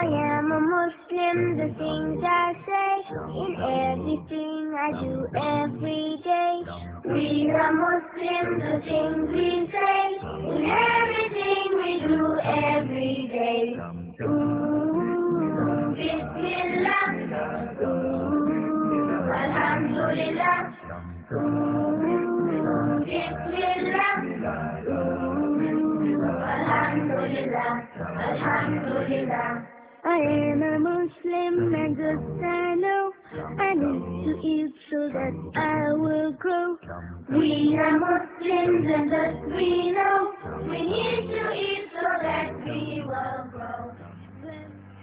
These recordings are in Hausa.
I am a Muslim, the things I say in everything I do every day. We are Muslims, the things we say in everything we do every day. Ooh, Bismillah, ooh, Alhamdulillah, ooh, Bismillah, ooh, Alhamdulillah, Alhamdulillah. I am a Muslim and just I know I need to eat so that I will grow. We are Muslims and just we know we need to eat so that we will grow.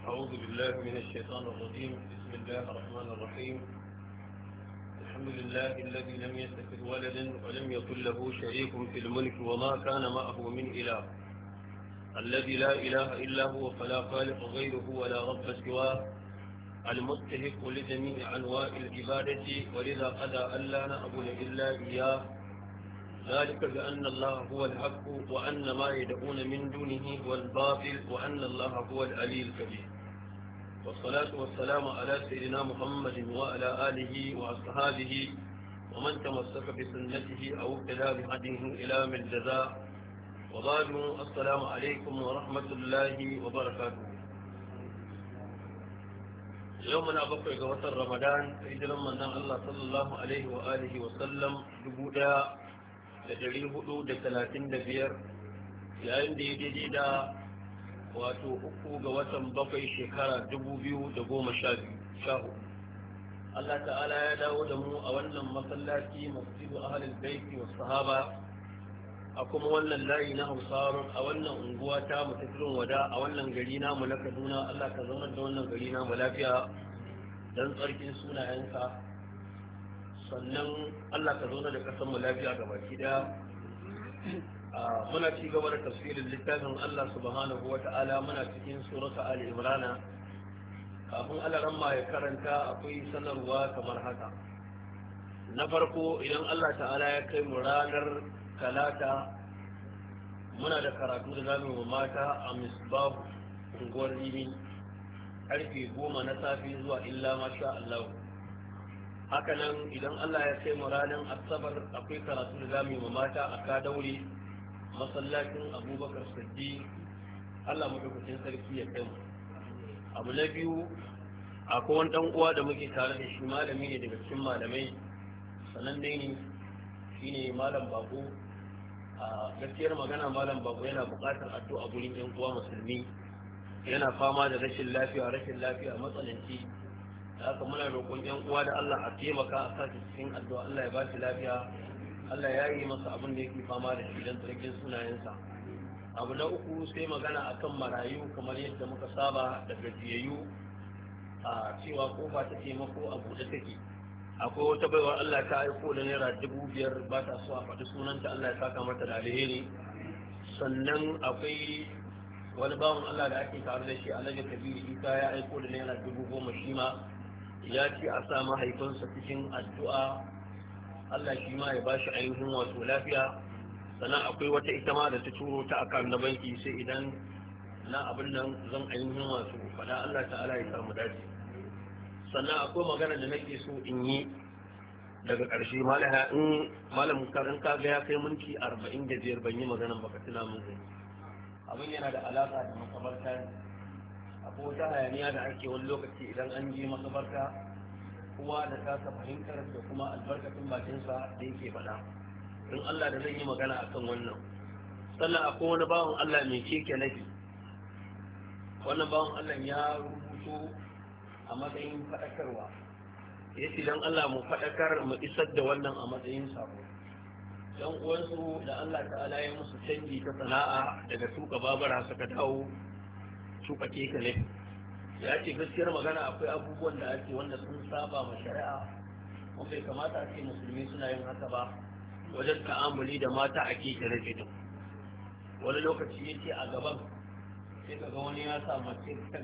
أعوذ بالله من الشيطان الرجيم بسم الله الرحمن الرحيم الحمد لله الذي لم يتخذ ولدا ولم يكن له شريك في الملك وما كان معه من إله الذي لا إله إلا هو فلا خالق غيره ولا رب سواه المستحق لجميع أنواع العبادة ولذا قضى ألا نعبد إلا إياه ذلك بأن الله هو الحق وأن ما يدعون من دونه هو الباطل وأن الله هو العلي الكبير والصلاة والسلام على سيدنا محمد وعلى آله وأصحابه ومن تمسك بسنته أو ابتدى بهديه إلى من جزاء وبعد السلام عليكم ورحمة الله وبركاته يومنا بقي قوات رمضان إذن من الله صلى الله عليه وآله وسلم جبودا لجريه قلود ثلاثين دبير yayin da ya da wato uku ga watan bakwai shekara dubu biyu da goma sha biyu Allah ta'ala ya dawo da mu a wannan masallaci masjidu ahalul baiti wa sahaba a kuma wannan layi na hausarun a wannan unguwa ta mutukin wada a wannan gari namu na kaduna allah ka zaunar da wannan gari namu lafiya don tsarkin sunayenka sannan allah ka zaunar da ƙasar mu lafiya ga baki daya muna ci gaba da tafsirin littafin allah subhanahu wa ta'ala muna cikin surata ali imrana kafin alaramma ya karanta akwai sanarwa kamar haka na farko idan allah ta'ala ya kai mu ranar talata muna da karatu da zamu wa mata a misbahu unguwar karfe goma na safe zuwa illa masha Allah hakanan idan Allah ya kai mu ranar asabar akwai karatu da zamu wa mata a kadauri masallacin abubakar Saddi Allah madaukakin sarki ya kai mu abu na biyu akwai wani dan uwa da muke tare da shi malami ne daga cikin malamai sanan dai ne shine malam babu. gaskiyar magana malam babu yana bukatar addu'a gurin yan uwa musulmi yana fama da rashin lafiya rashin lafiya matsananci aka muna roƙon yan uwa da Allah a taimaka a sashi cikin addu'a Allah ya ba shi lafiya Allah ya yi masa abin da yake fama da shi don tsarkin sunayensa abu na uku sai magana akan marayu kamar yadda muka saba da gajiyayyu a cewa kofa ta taimako a buɗe take akwai wata baiwa Allah ta aiko da naira dubu biyar ba ta so a faɗi sunanta Allah ya saka mata da alheri sannan akwai wani bawan Allah da ake tare da shi a alhaji da isa ya aiko da naira dubu goma shi ma ya ce a sa mahaifinsa cikin addu'a Allah shi ma ya ba shi ainihin wato lafiya sannan akwai wata ita ma da ta turo ta akan na banki sai idan na abin nan zan ainihin wato faɗa Allah ta'ala ya samu dace sannan akwai magana da nake so in yi daga ƙarshe malaha in malam karin kaga ya kai minti arba'in da biyar ban yi maganan baka tuna mun zai abin yana da alaƙa da makabarta ne akwai wata hayaniya da ake wani lokaci idan an je makabarta kowa da kasa fahimtar da kuma albarkacin bakinsa da yake faɗa in Allah da zan yi magana akan wannan sannan akwai wani bawan Allah mai keke nake wannan bawan Allah ya rubuto a matsayin faɗakarwa ya ce don Allah mu faɗakar mu isar da wannan a matsayin sako don uwansu da Allah ta'ala ya musu canji ta sana'a daga tuka babara suka dawo tuka keke ya ce gaskiyar magana akwai abubuwan da ake wanda sun saba ma shari'a kuma bai kamata a musulmi suna yin haka ba wajen ta'amuli da mata a ke ne wani lokaci ya ce a gaban sai ka ga wani ya sa mace ta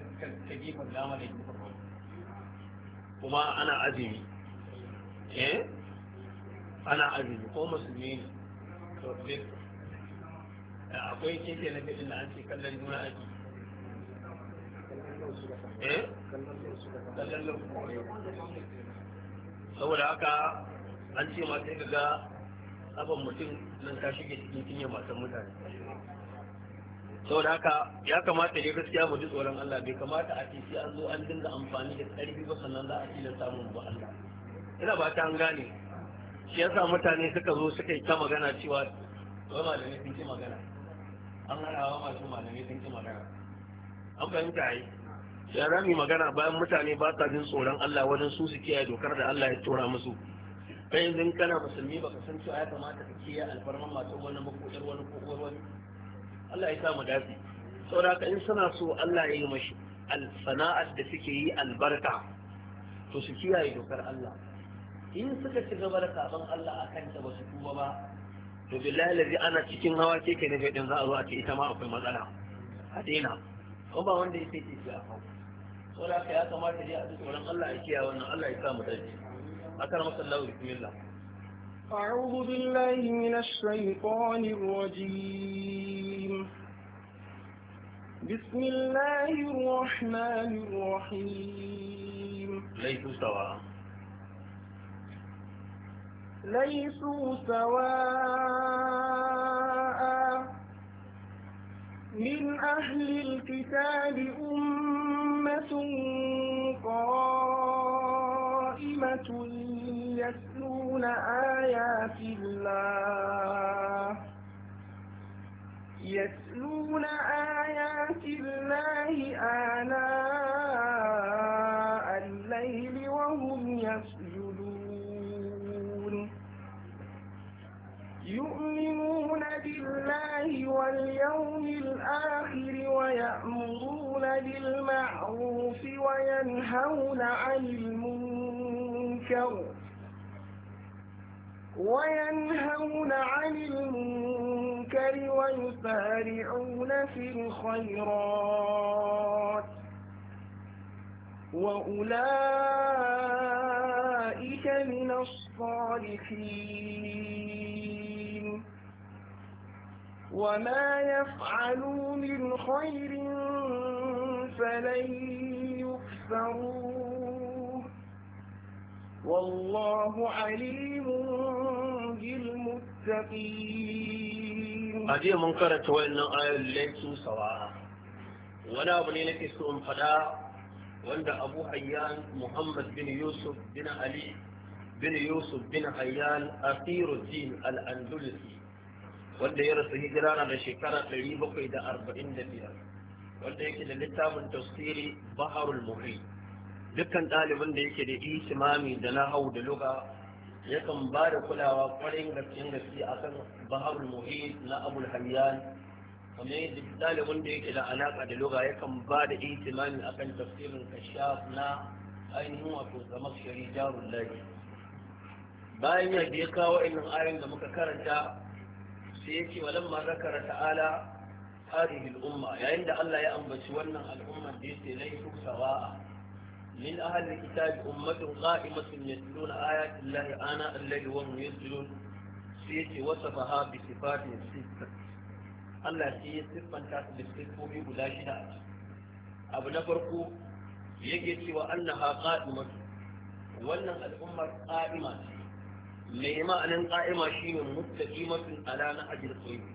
gefen dama da gefen kuma ana azumi eh ana azumi ko musulmi ne eh, akwai keke na fiɗin da ake kallon juna ake eh kallon saboda haka an ce ma sai ga abin mutum nan ta shige cikin cinye matan mutane saboda haka ya kamata ne gaskiya mu ji tsoron Allah bai kamata a titi an zo an dinga amfani da ƙarfi ba sannan za a tilasta samun ba Allah ina ba ta an gane shi yasa mutane suka zo suka yi ta magana cewa wai malamai sun ki magana an harawa masu malamai sun ki magana an fahimta yi ya rami magana bayan mutane ba sa jin tsoron Allah wajen su su kiyaye dokar da Allah ya tura musu kai yanzu kana musulmi baka san cewa ya kamata ka kiyaye alfarman masu wani makotar wani ko wani Allah ya sa mu dafi saboda in suna so Allah ya yi mashi sana'ar da suke yi albarka to su kiyaye dokar Allah in suka ci gaba da sabon Allah a kanta ba su kuma ba to billahi lazi ana cikin hawa keke na gaɗin za a zo a ce ita ma akwai matsala a daina ko ba wanda ya sai ke a kawo saboda haka ya kamata dai a duk tsoron Allah ya kiyaye wannan Allah ya sa mu dace akar masallahu bismillah أعوذ بالله من الشيطان الرجيم بسم الله الرحمن الرحيم ليسوا سواء ليسوا سواء من أهل الكتاب أمة قائمة يتلون آيات الله يتلون آيات الله آناء الليل وهم يسجدون يؤمنون بالله واليوم الآخر ويأمرون بالمعروف وينهون عن المنكر وينهون عن المنكر ويسارعون في الخيرات وأولئك من الصالحين وما يفعلوا من خير فلن يكفرون والله عليم بالمتقين أجي منكرة وإن آية ليسوا سواء ولا أبني لك سوء فلا وند أبو حيان محمد بن يوسف بن علي بن يوسف بن حيان أثير الدين الأندلسي وند يرس هجرانا لشكرة قريبا إلى أربعين دبيرا وند يكي للتاب التفسيري بحر المحيط dukkan ɗalibin da yake da itimami da na hau da luga yakan ba da kulawa kwarin gaskiyan gaske a kan baharul muhit na abul hayyan kamar yadda ɗalibin da yake da alaƙa da luga yakan ba da ishimami a kan tafsirin kashaf na ainihin wato zamar shari jarun lafi bayan ya ya kawo irin ayon da muka karanta sai yake walamma zakara ta'ala هذه الأمة يعني عند الله يا أنبت ونها الأمة دي ليسوا سواء من أهل الكتاب أمة قائمة يتلون آيات الله آناء الليل وهم يسجدون سيتي وصفها بصفات ستة Allah shi ya siffanta su da guda shida a ciki abu na farko yake cewa annaha qa'imatu wannan al'ummar qa'ima ce mai ma'anin qa'ima shine muttaqimatun ala nahjil qayyim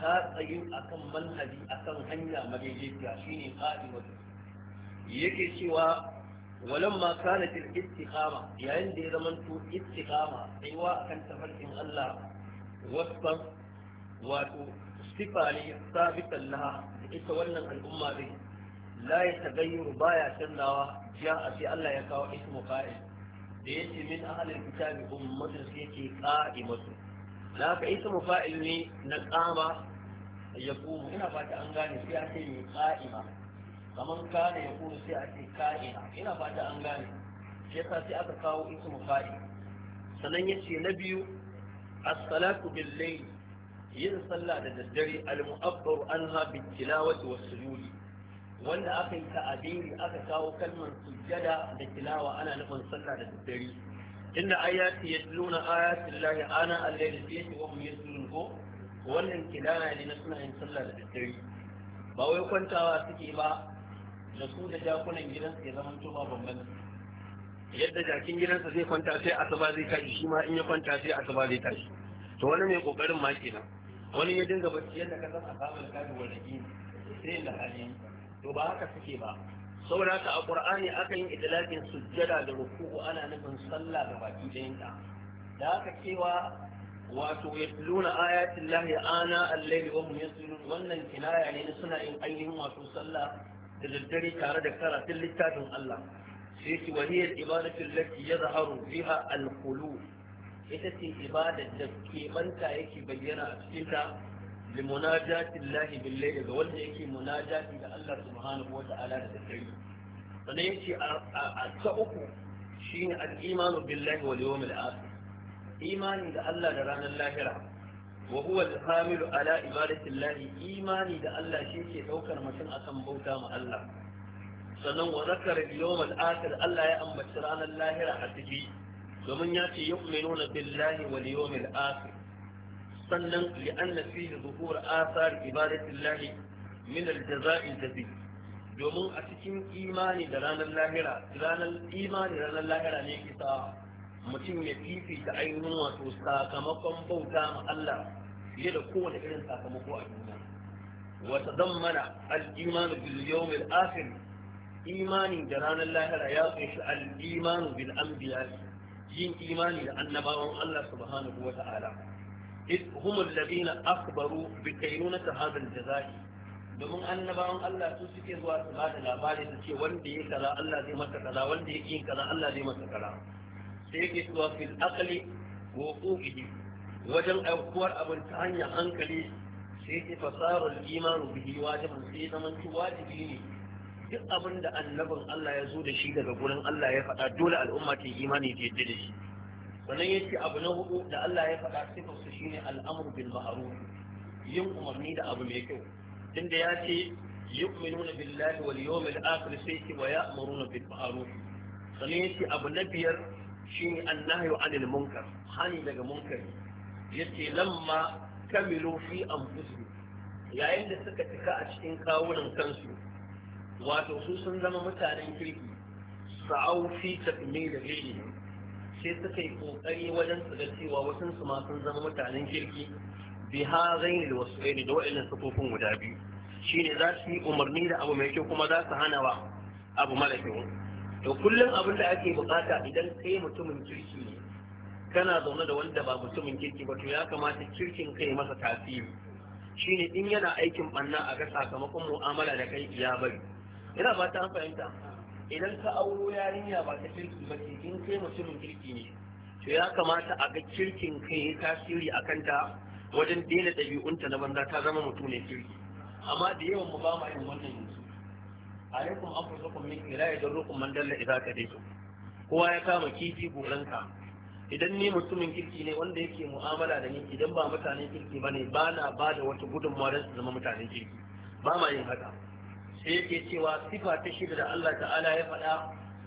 ta tsayu akan manhaji akan hanya madaidaiciya shine ولما كانت الاستقامة يعني دي زمنتو استقامة سواء كان تفرق الله وصفا واتو صفة ثابتا لها يتولى الأمة به لا يتغير بايا سنة جاء في الله يكاو اسم قائل ديتي من أهل الكتاب أمة سيتي قائمة لا كاسم فاعل نقامة يقوم هنا فاتأنغاني فيها سيني قائمة kamar kana ya kuru sai a ce ka'ina ina fata an gane shi yasa sai aka kawo ismu fa'i sannan ya ce na biyu as-salatu bil layl yin sallah da daddare al-mu'abbaru anha bil tilawati was sujudi wanda aka yi ta abiri aka kawo kalmar sujjada da tilawa ana nufin sallah da daddare inda ayati yadluna ayati llahi ana al-layli fi yawmin yaslun ko wannan kilaya ne na suna yin sallah da daddare ba wai kwantawa suke ba da su da jakunan gidansa ya zama ba bambanta yadda jakin gidansa zai kwanta sai asuba zai tashi shi ma in ya kwanta sai asuba zai tashi to wani mai kokarin ma kenan wani ya dinga bacci yadda ka san asabar kaji wa raki sai da hali to ba haka suke ba saboda haka a qur'ani aka yin idlaqin sujjada da ruku'u ana nufin sallah da baki dayanta. ta da haka cewa wato ya yatluna ayatin lahi ana al-layli wa mu yasjudun wannan kinaya ne suna yin ainihin wato sallah da daddare tare da karatun littafin Allah sai ki wahiyar ibadatu ya yadhharu biha al-qulub ita ce ibadar da ke banta yake bayyana a cikin ta li munajatin lahi billahi ga wanda yake munajati da Allah subhanahu wa ta'ala da daddare sannan ce a ta uku shine al-imanu billahi wal yawmil akhir imani da Allah da ranar lahira wa huwa ala ibadatillahi imani da Allah shi ke ɗaukar mutum akan bauta ma Allah sannan wa zakara yawm al-akhir Allah ya ambaci ranar lahira a ciki domin ya ce yu'minuna billahi wal yawmil akhir sannan li anna fihi zuhur athar ibadatillahi min al-jaza'i al-jazil domin a cikin imani da ranar lahira ne mutum ya fifita ainihin wato sakamakon bauta ma Allah fiye da kowane irin sakamako a duniya wata mana, al'imanu bil yawmil akhir imanin da ranar lahira ya kunshi al'imanu bil anbiya yin imani da annabawan Allah subhanahu wa ta'ala إذ هم الذين أخبروا بكينونة هذا الجزاء domin annabawan Allah su suke zuwa su ba da labari su ce wanda ya kaza Allah zai masa kaza wanda ya kaza Allah zai masa kaza sai yake cewa fil aqli wa uqihi wajen aukuwar abin ta hanyar hankali sai ke fasarar imanu bihi wajibin sai zaman ki wajibi ne duk abin da annabin Allah ya zo da shi daga gurin Allah ya faɗa dole al'umma ta imani ta yadda da shi sannan ya ce abu na hudu da Allah ya faɗa sifar su shine al'amur bil ma'ruf yin umarni da abu mai kyau tunda ya ce yu'minuna billahi wal yawmil akhir sai ce wa ya'muruna bil ma'ruf sannan ya ce abu na biyar shine annahyu anil munkar hani daga munkari yace lamma kamilu fi anfusihim yayin da suka cika a cikin kawunan kansu wato su sun zama mutanen kirki sa'au fi takmil ghayrihim sai suka yi kokari wajen su ga cewa wasu su ma sun zama mutanen kirki bi ha ghayril wasfaini da waɗannan sufofin guda biyu shine za su yi umarni da abu mai kyau kuma za su hana wa abu mara kyau to kullum abin da ake bukata idan kai mutumin kirki ne kana zaune da wanda ba mutumin kirki ba to ya kamata kirkin kai masa tasiri shine in yana aikin banna a ga sakamakon mu'amala da kai ya bari ina ba ta fahimta idan ka auro yarinya ba ta kirki ba ce in kai mutumin kirki ne to ya kamata a ga kirkin kai ya tasiri a kanta wajen daina ɗabi'unta na banza ta zama mutum ne kirki amma da yawan mu ba ma yin wannan yanzu alaikum anfusakum min ila yadurrukum man ka idza kadaytum kowa ya kama kifi goranka idan ni mutumin kirki ne wanda yake mu'amala da ni idan ba mutanen kirki ba ne ba na ba da wata gudunmawa don su zama mutanen kirki ba ma yin haka sai yake cewa sifa ta shida da Allah ta'ala ya faɗa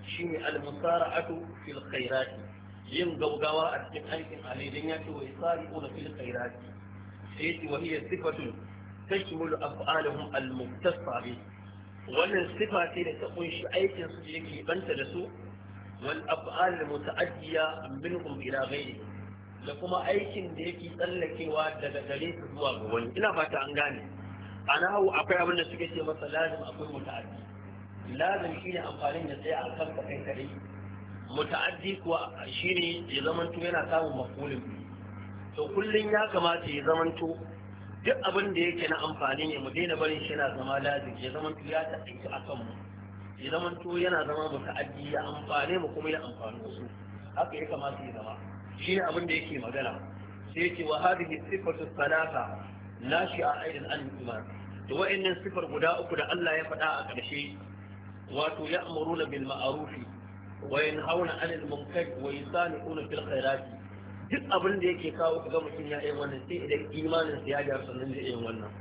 shine al-musara'atu fil khairati yin gaugawa a cikin aikin alidin ya ce wa yusari'una fil khairati sai yake wa hiya sifatun tashmulu af'aluhum al-muktasa wannan sifa ce da ta kunshi aikin su yake banta da su والأفعال المتأدية منهم إلى غيرهم da kuma aikin da yake tsallakewa daga gare su zuwa ga wani ina fata an gane a nahawu akwai abin da suke ce masa lazim akwai muta'addi lazim shine amfanin da tsaya a kan kai kare muta'addi kuwa shine ya zamanto yana samun mafulin to kullun ya kamata ya zamanto duk abin da yake na amfani ne mu daina barin shi yana zama lazim ya zamanto ya ta'addi akan mu ya zaman to yana zama mu ta'addi, ya amfane mu kuma ya amfani wasu haka ya kamata ya zama Shi ne abin da yake magana sai yake wa hadhihi sifatu salasa a aidan an iman to wa'annan sifar guda uku da Allah ya faɗa a ƙarshe wato ya'muruna bil ma'rufi wa yanhauna 'anil munkar wa yusani'una fil khairati duk abin da yake kawo ga mutum ya yin wannan sai idan imanin sa ya ga sannan zai yin wannan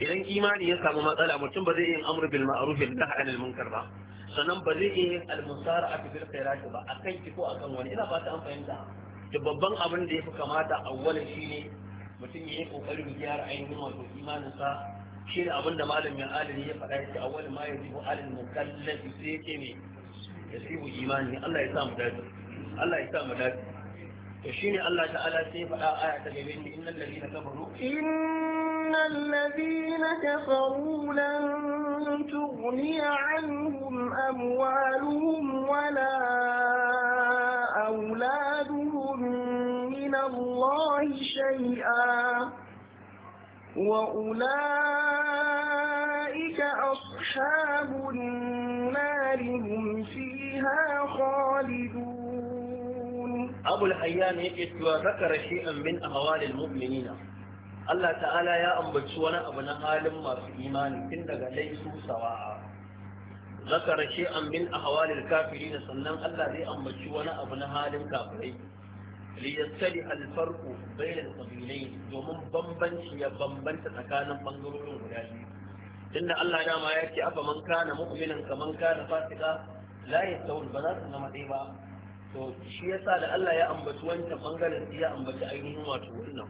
idan imani ya samu matsala mutum ba zai yin amru bil ma'ruf da nahy anil munkar ba sannan ba zai iya yin almusara a fil khairati ba akan ki ko akan wani ina fata an fahimta da babban abin da ya fi kamata shi ne mutum ya yi kokarin gyara ainihin wato imanin sa shine abin da malamin alimi ya faɗa a wani ma yajibu alil mukallafi sai yake ne yasibu imani Allah ya sa mu dace Allah ya sa mu dace شين الله تعالى سيف آية تجبين إن الذين كفروا إن الذين كفروا لن تغني عنهم أموالهم ولا أولادهم من الله شيئا وأولئك أصحاب النار هم فيها خالدون abul hayyan yake cewa zakara shay'an min ahwalil mu'minina Allah ta'ala ya ambaci wani abu na halin masu imani tun daga laisu sawa'a zakara shay'an min ahwalil kafirin sannan Allah zai ambaci wani abu na halin kafirai alfarku alfarqu bainal qabilain domin bambanci ya bambanta tsakanin bangarorin guda biyu tunda Allah dama ya ce afa man kana mu'minan kaman kana fasika la yastawul ba za su zama ɗaya ba to shi yasa da Allah ya ambaci wancan bangaren ya ambaci ainihin wato wannan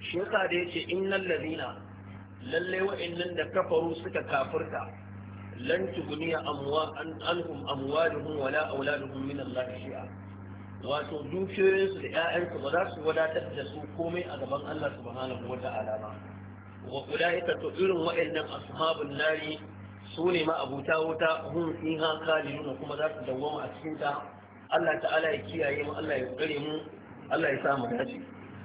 shi yasa da yace innal ladina lalle wa'annan da kafaru suka kafirta lan tuguniya amwa an alhum amwaluhum wala auladuhum min Allah shi'a wato dukiyoyinsu da ƴaƴansu ba za su wadatar da su komai a gaban Allah subhanahu wata'ala ba wa ulaika to irin wa'annan ashabun nari su ne ma abuta wuta hum fiha khalidun kuma za su dawwama a cikin ta Allah ta'ala ya kiyaye mu Allah ya kare mu Allah ya samu dace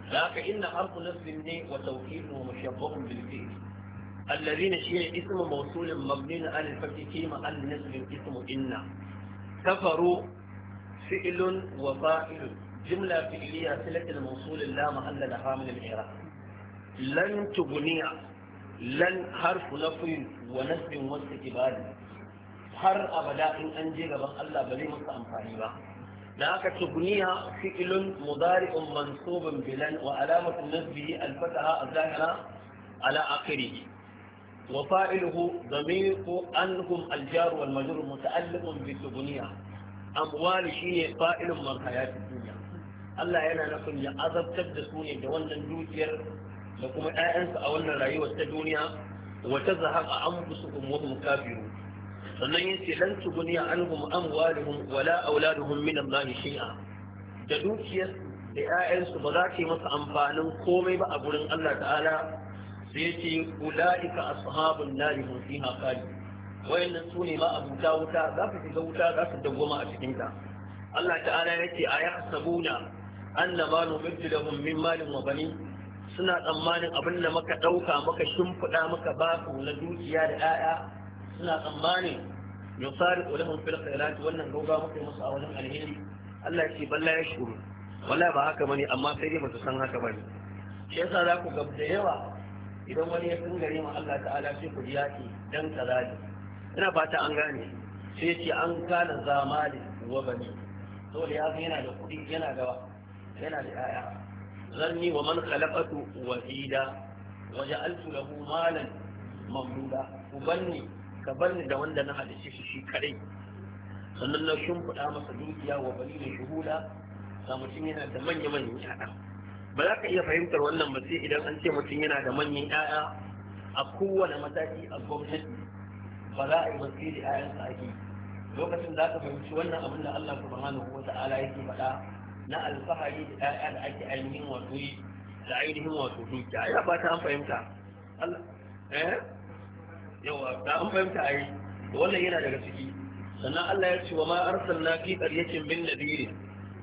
laka inna harfu nasbin ne wa tawkidu mushabbahun bil fi'l الذين شيء اسم موصول مبني على الفتح كيما النسب اسم إن كفروا فعل وفاعل جملة فعلية سلة الموصول لا محل لها من الإعراب لن تبني لن حرف نفي ونسب واستكبار har abada in an je gaban Allah ba zai masa amfani ba da aka tukuniya fi'ilun mudari'un mansubun bilan wa alamatun nasbihi al-fataha az-zahira ala akhirih wa fa'iluhu damiru anhum al-jar wal majrur muta'alliqun bi tukuniya amwal shine fa'ilun man hayatid dunya Allah yana nufin ya azabtar da su ne da wannan dukiyar da kuma ƴaƴansu a wannan rayuwar ta duniya a wa tazhaqa anfusukum wa hum kafirun sannan yace lan tuguni anhum amwaluhum wala auladuhum min Allah shay'a da dukiyar da 'ya'yansu ba za ta yi masa amfanin komai ba a gurin Allah ta'ala sai yace ulaika ashabun nari hum fiha khalid wayannan sune ma abuta wuta za su shiga wuta za su dawwama a cikin ta Allah ta'ala yace ayahsabuna annama nubiddu lahum min malin wa banin suna tsammanin abin da maka ɗauka maka shimfiɗa maka ba su na dukiya da 'ya'ya suna tsammani yusari ulahum fil khairat wannan gauga muke musu a wajen alheri Allah ya ce balla ya shuru wallahi ba haka bane amma sai dai mutu san haka bane shi yasa za ku gabda yawa idan wani ya tsingare ma Allah ta'ala sai ku yaki dan kaza ne ina fata an gane sai ce an kana zamani wa bani saboda ya yana da kuɗi yana da yana da yaya zanni wa man khalaqatu wahida وجعلت له مالا ممدودا وبني ka bar ni da wanda na halice shi shi kadai sannan na shimfiɗa masa dukiya wa bali da shuhuda ga mutum yana da manya manyan ƴaƴa ba za ka iya fahimtar wannan ba sai idan an ce mutum yana da manyan ƴaƴa a kowane mataki a gwamnati ba za a yi wasi da ƴaƴansa ake lokacin za ka fahimci wannan abin da Allah subhanahu wa ta'ala yake faɗa na alfahari da ƴaƴa da ake ainihin wato da ainihin wato dukiya ya fata an fahimta Allah eh yawa da an fahimta a yi wannan yana daga ciki sannan Allah ya ce wa ma na fi qaryatin min nadiri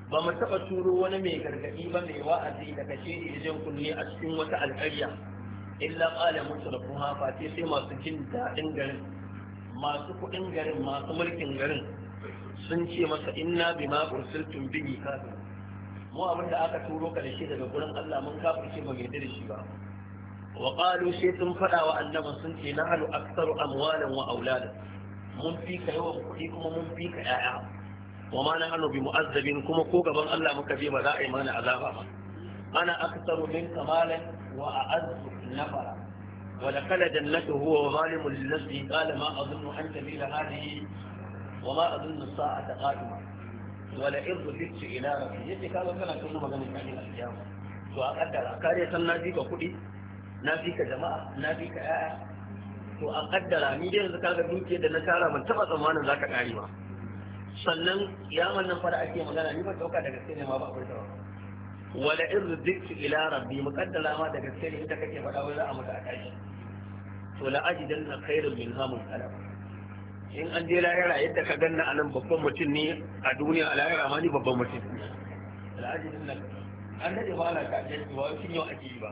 ba mu taɓa turo wani mai gargadi ba mai wa'azi da kashe da kunne a cikin wata alƙarya illa qala da fa ce sai masu jin daɗin garin masu kuɗin garin masu mulkin garin sun ce masa inna bima ursiltum bihi kafir mu abin da aka turo ka shi daga gurin Allah mun kafirce ba mai da shi ba وقالوا شيء ثم فدا وأنما سنتي نحن أكثر أموالا وأولادا من فيك يوم كما من فيك يا وما نحن بمؤذبين كما كوكا من الله مكفي بدائي ما عذابا أنا أكثر منك مالا وأعز نفرا ودخل جنته هو ظالم لنفسه قال ما أظن أن تميل هذه وما أظن الساعة قائمة ولئن رددت إلى ربي يجي قال كان كل مغني عن الأيام وأقدر أكاري سنادي وكلي na fi ka jama'a na fi ka 'ya'ya. to a kaddara ni dai yanzu kaga dukiyar da na tara mun taba tsammanin za ka kare ba sannan ya wannan fara ake magana ni ban dauka daga sai ne ma ba akwai ta wala in rizqtu ila rabbi muqaddala ma daga sai ne ita kake faɗa wai za a maka a kashi to la ajidanna khairun min hamun kalam in an je lahira yadda ka ganna a nan babban mutum ne a duniya a lahira ma ni babban mutum la na an da ba ka kaɗe ba wai shin yau ake yi ba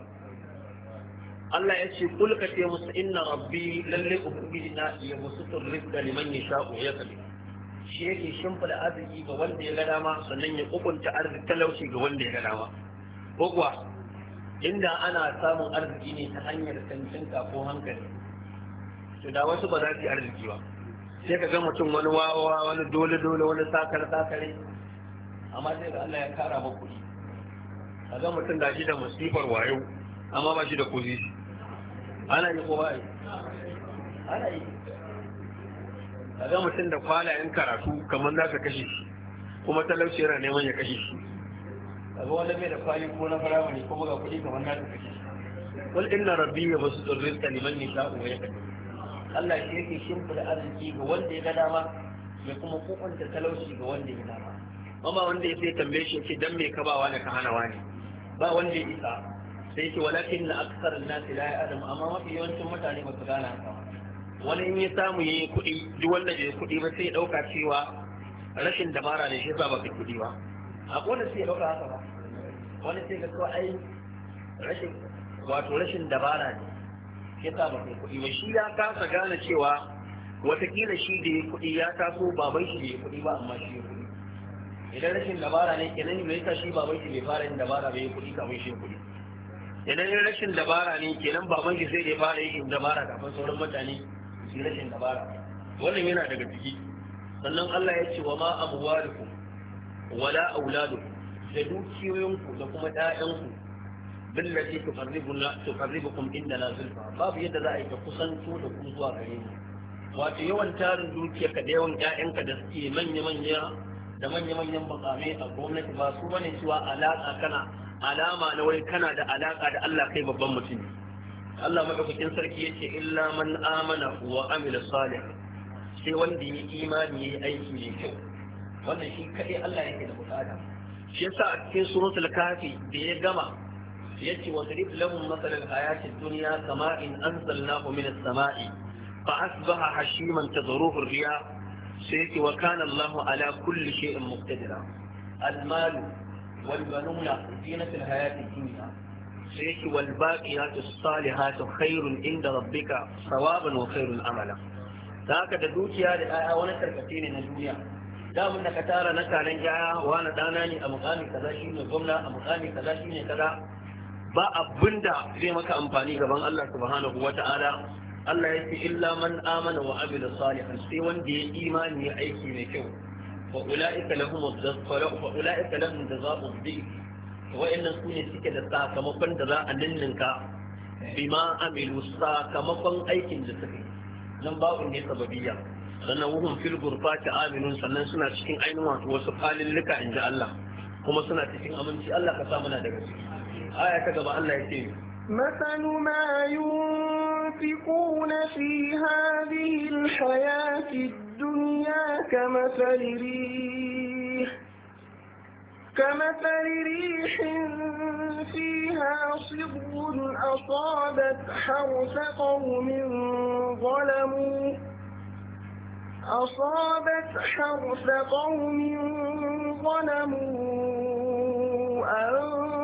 Allah ya ce kulka ce musu inna rabbi lalle ubangiji na ya musutur da liman sha ya kabi shi yake shimfida arziki ga wanda ya ga dama sannan ya kukunta arziki talauci ga wanda ya ga dama ko kuwa inda ana samun arziki ne ta hanyar cancanta ko hankali to da wasu ba za su yi arziki ba sai ka ga mutum wani wawa wani dole dole wani sakar sakare amma sai ga Allah ya kara maka kuɗi ka ga mutum da shi da masifar wayo amma ba shi da kuzi ana yi ko ba'i ana yi a ga mutum da kwalayen karatu kamar za ka kashe shi kuma talauci yana neman ya kashe shi a ga wanda mai da kwali ko na firamare kuma ga kuɗi kamar za ka kashe shi wal inna rabbi ya basu tsirrin kaliman ne sha'u ya kashe Allah shi yake shimfida arziki ga wanda ya ga dama ya kuma kokonta talauci ga wanda ya dama amma wanda ya sai tambaye shi yake dan me ka ba wani ka hana wani ba wanda ya isa sai ce walakin na aksar na nasi ya adam amma mafi yawancin mutane ba su gane haka wani in ya samu ya yi kuɗi duk wanda bai kuɗi ba sai ya ɗauka cewa rashin dabara ne shi ba ba kuɗi ba a kowane sai ya ɗauka haka ba wani sai ga kawai ai rashin wato rashin dabara ne shi yasa ba kuɗi ba shi ya kasa gane cewa watakila shi da ya kuɗi ya taso baban shi da ya kuɗi ba amma shi ya kuɗi idan rashin dabara ne kenan ya sa shi baban shi bai fara yin dabara bai kuɗi kafin shi kuɗi idan yin rashin dabara ne kenan baban zai sai da fara yin dabara kafin sauran mutane su rashin dabara wannan yana daga ciki sannan Allah ya ce wa ma amwalukum wala auladukum da dukiyoyinku da kuma ɗayanku billati tuqarribukum inda la zulfa babu yadda za a yi ka kusanto da ku zuwa gare wato yawan tarin dukiyarka da yawan ƴaƴanka da suke manya manya da manya manyan bakame a gwamnati ba su bane cewa alaka kana alama na wai kana da alaka da Allah kai babban mutum Allah madaukakin sarki ce illa man amana wa amila salih sai wanda ya imani yayi aiki mai kyau wannan shi kai Allah yake da bukata shi yasa a cikin suratul kafi da ya gama yace wa tarif lahum masalan hayatid dunya kama in anzalnahu minas sama'i fa asbaha hashiman tadruhu ar-riyah sai yake wa kana Allahu ala kulli shay'in muqtadira al-malu والبنون زينة الحياة الدنيا سيك والباقيات الصالحات خير عند ربك ثوابا وخير عملا ذاك دوكيا لآية ونتركتين من الدنيا damun da ka tara na taron yaya wani dana ne a mukami kaza shi ne gwamna a mukami kaza shi ne kaza ba abin da zai maka amfani gaban Allah subhanahu wa ta'ala Allah ya ce illa man amana wa amila salihan sai wanda ya imani ya aiki mai kyau fa'ula'ika lahum fa'ula'ika lahum jazaa'u dhiq wa'annan su ne suke da sakamakon da za a ninninka bima amilu sakamakon aikin da suka nan ba'un ne sababiyya sannan wuhun fil gurfati aminun sannan suna cikin ainihin wato wasu falillika inji Allah kuma suna cikin aminci Allah ka sa muna daga ciki aya ta gaba Allah ya ce مثل ما ينفقون في هذه الحياة الدنيا كمثل ريح كمثل ريح فيها صبر أصابت حرث قوم ظلموا أصابت حرث قوم ظلموا أن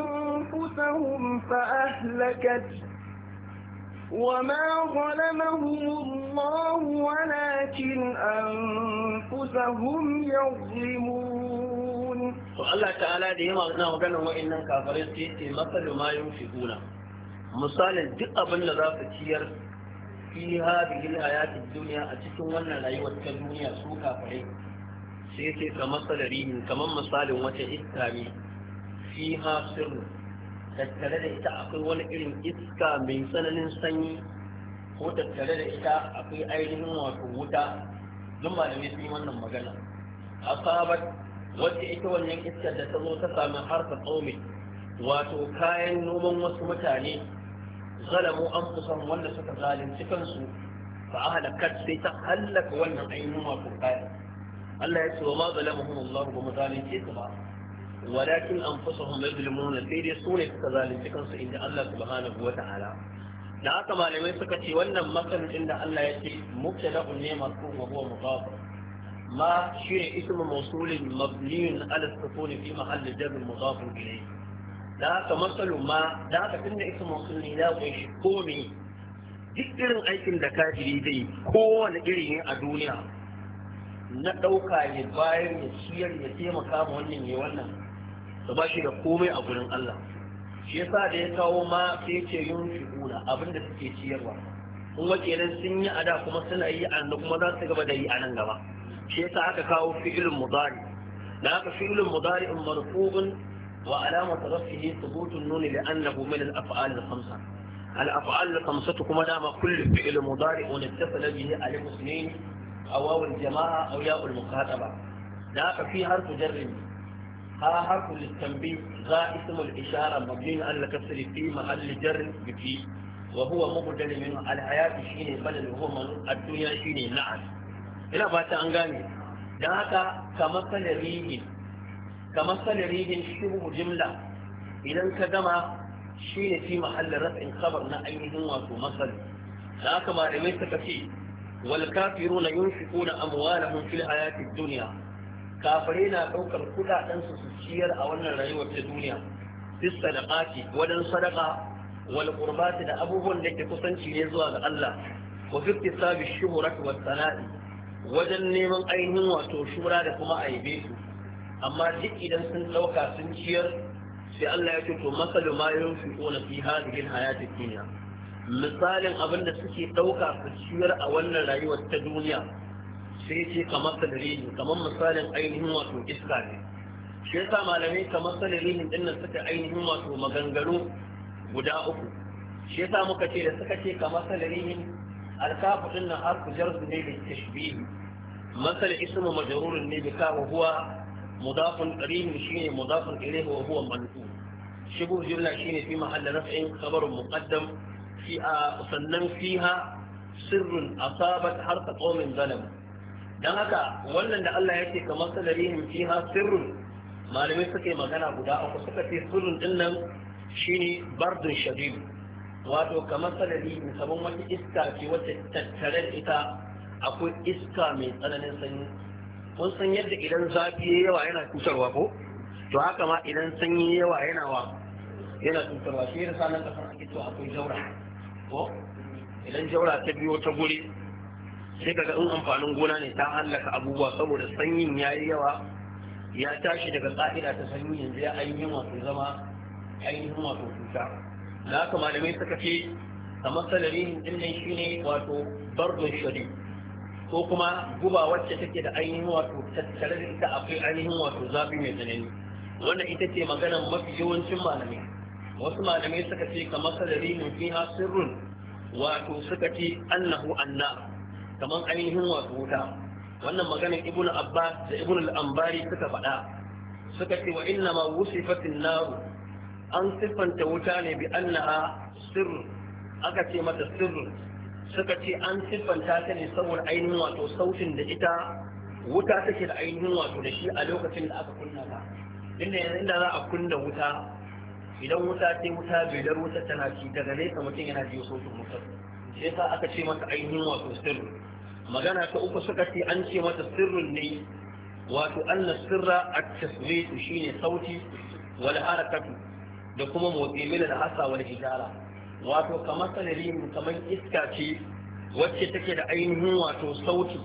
خلفهم فأهلكت وما ظلمهم الله ولكن أنفسهم يظلمون الله تعالى دي ما غنا وغنا وإنن كافرين تيتي مثل ما ينفقون مثال دي أبن لذا فتير في هذه الحياة الدنيا أتكون ولا لا يوتك الدنيا سوكا فعي سيتي كمثل ريم كمان مثال وتهتامي فيها سر tattare da ita akwai wani irin iska mai tsananin sanyi ko tattare da ita akwai ainihin wato wuta duk malamai sun yi wannan magana asabat wacce ita wannan iskar da ta zo ta sami harfa tsaumi wato kayan noman wasu mutane zalamu an kusan wanda suka zalunci kansu fa ahalakat sai ta hallaka wannan ainihin wato kayan Allah ya ce wa ma zalamuhum Allah ba mu zalunce su ba walakin anfusuhum yadlimuna sai dai sune suka zalunci kansu inda Allah subhanahu wata'ala da haka malamai suka ce wannan masalin inda Allah ya ce mubtada'un ne marfu wa huwa mudaf ma shi ismu mawsulin mabniyun ala sukuni fi mahalli jar mudaf ilayhi da haka masalu ma kunshi komai duk irin aikin da kafiri zai kowane iri ne a duniya na ɗauka ya bayar ya ciyar ya taimaka ma wannan ne wannan da ba shi da komai a gurin Allah shi yasa da ya kawo ma sai ce yun shi'una abin da suke ciyarwa kun wake nan sun yi ada kuma suna yi a nan kuma za su gaba da yi a nan gaba shi yasa aka kawo fi'ilun mudari da aka fi'ilun mudari in marfu'un wa alama tarafihi thubutun nun li annahu min al-af'al al-khamsa al-af'al al-khamsa kuma dama kullu fi'il mudari wa ittasala bihi alif ismin aw waw al-jama'a aw ya al-muqataba da aka fi harfu jarri ها حرف للتنبيه ذا اسم الإشارة مبني على الكسر في محل جر بفي وهو مبدل من الحياة شيني بدل هو من الدنيا شيني نعم إلى بات أنغاني ذاك كمثل ريح كمثل ريح شبه جملة إذا انكدم شيني في محل رفع خبر نعينه ومثل ذاك ما رميتك فيه والكافرون ينفقون أموالهم في الحياة الدنيا Kafari na ɗaukar kuɗaɗensu su ciyar a wannan rayuwar ta duniya bis sadaqati wadan sadaqa wal qurbati da abubuwan da ke kusanci ne zuwa ga Allah wa fi tisabi shuhrat wa sana'i wajen neman ainihin wato shura da kuma aibe su amma duk idan sun ɗauka sun ciyar sai Allah ya ce to masalu ma yunfiquna fi hadhihi al-hayati dunya misalin abin da suke ɗauka su ciyar a wannan rayuwar ta duniya sai ce kamar salarihin kamar misalin ainihin wato iska ne shi yasa malamai kamar salarihin din nan suka ainihin wato maganganu guda uku shi yasa muka ce da suka ce kamar salarihin alkafu din nan har ku jarzu ne da tashbihi masal ismu majrurun ne bi kawo huwa mudafun qaribun shine mudafun ilayhi wa huwa manfu shibu jumla shine fi mahall raf'in khabarun muqaddam fi sannan fiha sirrun asabat harta qaumin zalamu don haka wannan da Allah ya ce kamar fi ha sirrun malamai suka yi magana guda uku suka ce sirrun din nan shine bardun shadid wato kamar salarihim kamar wata iska ce wata tattare ita akwai iska mai tsananin sanyi kun san yadda idan zafi ya yawa yana cutarwa ko to haka ma idan sanyi ya yawa yana wa yana cutarwa shi yasa nan kasar ake to akwai jaura ko idan jaura ta biyo ta guri sai kaga in amfanin gona ne ta hallaka abubuwa saboda sanyin ya yi yawa ya tashi daga ƙa'ida ta sanyi yanzu ya ainihin wasu zama ainihin wasu cuta da haka malamai suka ce a matsalari din nan ne wato bardun shari ko kuma guba wacce take da ainihin wato tattare da ita akwai ainihin wato zafi mai tsanani wannan ita ce maganar mafi yawancin malamai wasu malamai suka ce ka matsalari ne fiha sirrun wato suka ce annahu annahu kamar ainihin wato wuta wannan maganin ibn abbas da ibn al-ambari suka faɗa suka ce wa inna ma wusifatin naru an siffanta wuta ne bi annaha sirr aka ce mata sirr suka ce an siffanta ta ne saboda ainihin wato sautin da ita wuta take da ainihin wato da shi a lokacin da aka kunna ta inda yanzu inda za a kunna wuta idan wuta ce wuta bai dar wuta tana ci daga nesa mutum yana jiyo sautin wutar sai sa aka ce mata ainihin wato sirr magana ta uku suka ce an ce mata sirrin ne wato anna sirra a at shi ne sauti wal harakatu da kuma motsi min al-hasa wani hijara wato kamar sanarin kamar iska ce wacce take da ainihin wato sauti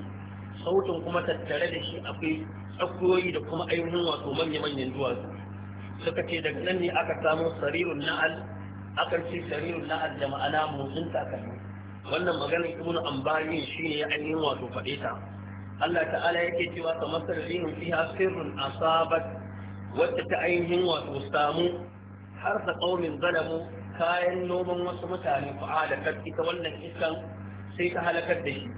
sautin kuma tattare da shi akwai tsakuyoyi da kuma ainihin wato manya-manyan duwatsu suka ce daga nan ne aka samu sarirun na'al akan ce sarirun na'al da ma'ana motsin takalmi wannan maganar ibnu ambani shine ya ainihin wato faɗe ta Allah ta'ala yake cewa kamar sarrinin fiha sirrun asabat wacce ta ainihin wato samu har da qaumin zalamu kayan noman wasu mutane fa'alakat ita wannan iskan sai ta halakar da shi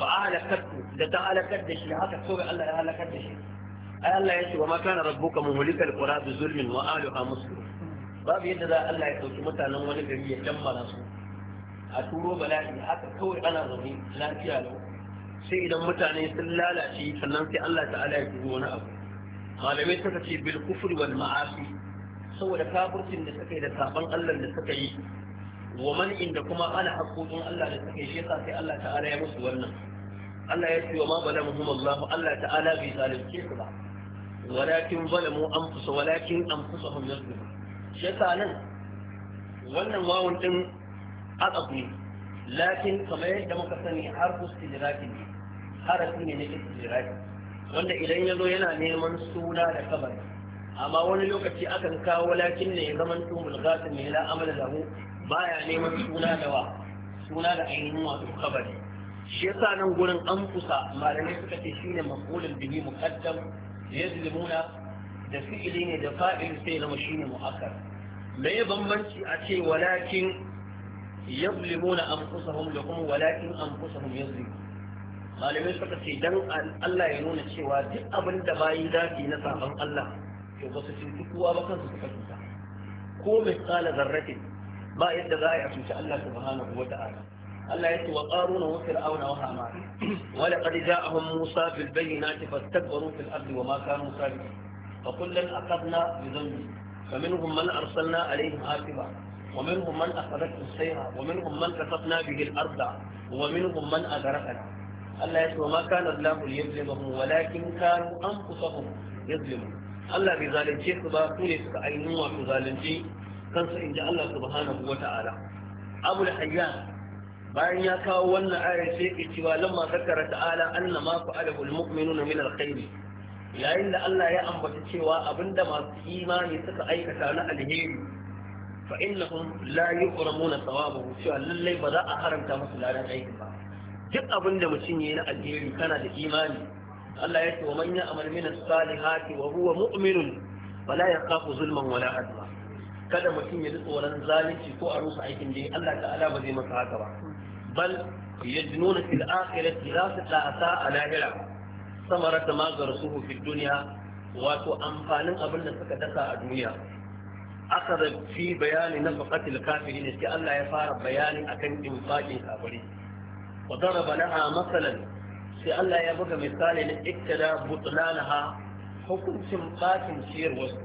fa'alakat da ta halakar da shi haka ga Allah ya halakar da shi ai Allah ya ce wa ma kana rabbuka muhlikal qura bi zulmin wa ahliha muslimun babu yadda za Allah ya dauki mutanen wani gari ya dammara su a turo bala'i haka kawai ana zaune lafiya lau sai idan mutane sun lalace sannan sai Allah ta'ala ya turo wani abu malamai suka ce bil kufr wal ma'asi saboda kafircin da suka yi da saban Allah da suka yi wa man inda kuma ana haƙoƙin Allah da suka yi shi yasa sai Allah ta'ala ya musu wannan Allah ya ce wa ma balamuhum Allah Allah ta'ala bai zalunce su ba walakin balamu anfusa walakin anfusahum yazlimun shi yasa nan wannan wawun din haɗa ne lakin kamar yadda muka sani har istijiraki ne harafi ne na istijiraki wanda idan ya zo yana neman suna da kabari amma wani lokaci akan kawo lakin ne ya zama to mulgatin ne la amala baya neman suna da wa suna da ainihin wato kabari shi yasa nan gurin an kusa malamai suka ce shine maqulun bihi muqaddam yazlimuna da fi'ili ne da fa'il sai zama shine mu'akkar me bambanci a ce walakin yuzlimuna anfusahum da kuma walakin anfusahum yuzlimun malamai suka ce dan Allah ya nuna cewa duk abin da bayi zafi na sabon Allah to ba su ci kowa ba kansu suka cuta ko misala zarratin ba yadda za a yi a cuci Allah subhanahu wa ta'ala Allah ya ce wa qaruna wa fir'auna wa haman wa laqad ja'ahum Musa bil bayyinati fastakbaru fil ardi wa ma kanu sabiqin fa kullan aqadna bi dhanbi فمنهم من أرسلنا عليهم حاسبا ومنهم من أخذته السيرة ومنهم من كسفنا به الأرض ومنهم من أغرقنا الله يسوى ما كان الله ليظلمهم ولكن كانوا أنفسهم يظلمون الله بذلك شيء سباقوني سكأينوا وكذلك شيء كان سإن الله سبحانه وتعالى أبو الحيان bayan ya kawo wannan ayar sai ke cewa lamma zakara ta'ala anna ma fa'alahu almu'minuna min alkhair yayin da Allah ya ambata cewa abinda masu imani suka aikata na alheri fa innahum la yuqramuna thawabahu cewa lallai ba za a haramta musu ladan aikin ba duk abin da mutum yayi na alheri kana da imani Allah ya ce wa man ya'mal min as-salihati wa huwa mu'minun fala yakhafu zulman wala adma kada mutum ya ji tsoron zalunci ko a rusa aikin da Allah ta'ala ba zai masa haka ba bal yajnuna fil akhirati la ta'ata a lahira Sama ma garsuhu fid dunya wato amfanin abin da suka dasa a duniya Akada fi bayani nafaqati al-kafirin sai Allah ya fara bayani akan infaqin kafiri wa daraba laha masalan sai Allah ya buga misali na iktada butlanaha hukuncin bakin ciyar wasu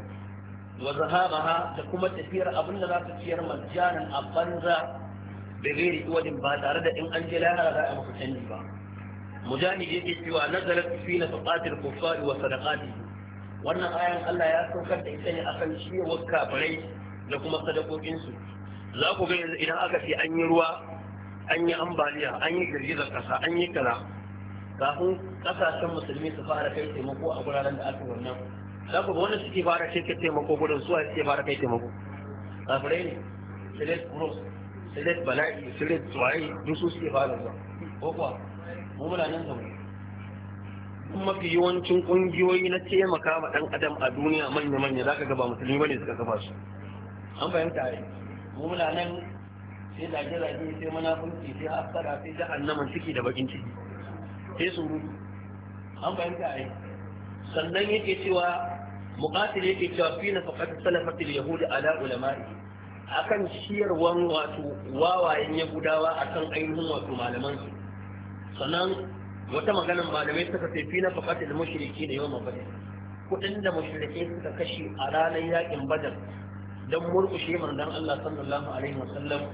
wa zahabaha da kuma tafiyar abin da za ta ciyar majanan a banza da gairi iwadin ba tare da in an je lahara za a maka canji ba mujahid yake cewa nazarat fi nafaqatil kuffari wa sadaqatihi wannan ayan Allah ya saukar da ita ne akan shi ciyawar kafirai da kuma su. za ku ga idan aka ce an yi ruwa an yi ambaliya an yi girgizar ƙasa an yi kaza kafin ƙasashen musulmi su fara kai taimako a guraren da aka wannan za ku ga wanda suke fara kai kai taimako gudun suwa suke fara kai taimako kafirai ne silet cross silet bala'i silet tsuwaye duk su suke fara zuwa ko kuwa mu muna nan zaune mafi yawancin kungiyoyi na taimaka ma dan adam a duniya manya manya za ka gaba musulmi bane suka kafa su an fahimta ai mu muna nan sai zage zage sai munafunci sai asara sai jahannaman ciki da bakin ciki sai su an fahimta ai sannan yake cewa mukatil yake cewa fi nafaqat salafat al-yahud ala ulama'i akan ciyarwan wato wawayen yahudawa akan ainihin wato malaman su sannan wata maganin malamai suka ce fi na faqatil mushriki da yawan badr kudin da mushrike suka kashe a ranar yakin badar don murkushe manzon Allah sallallahu alaihi wasallam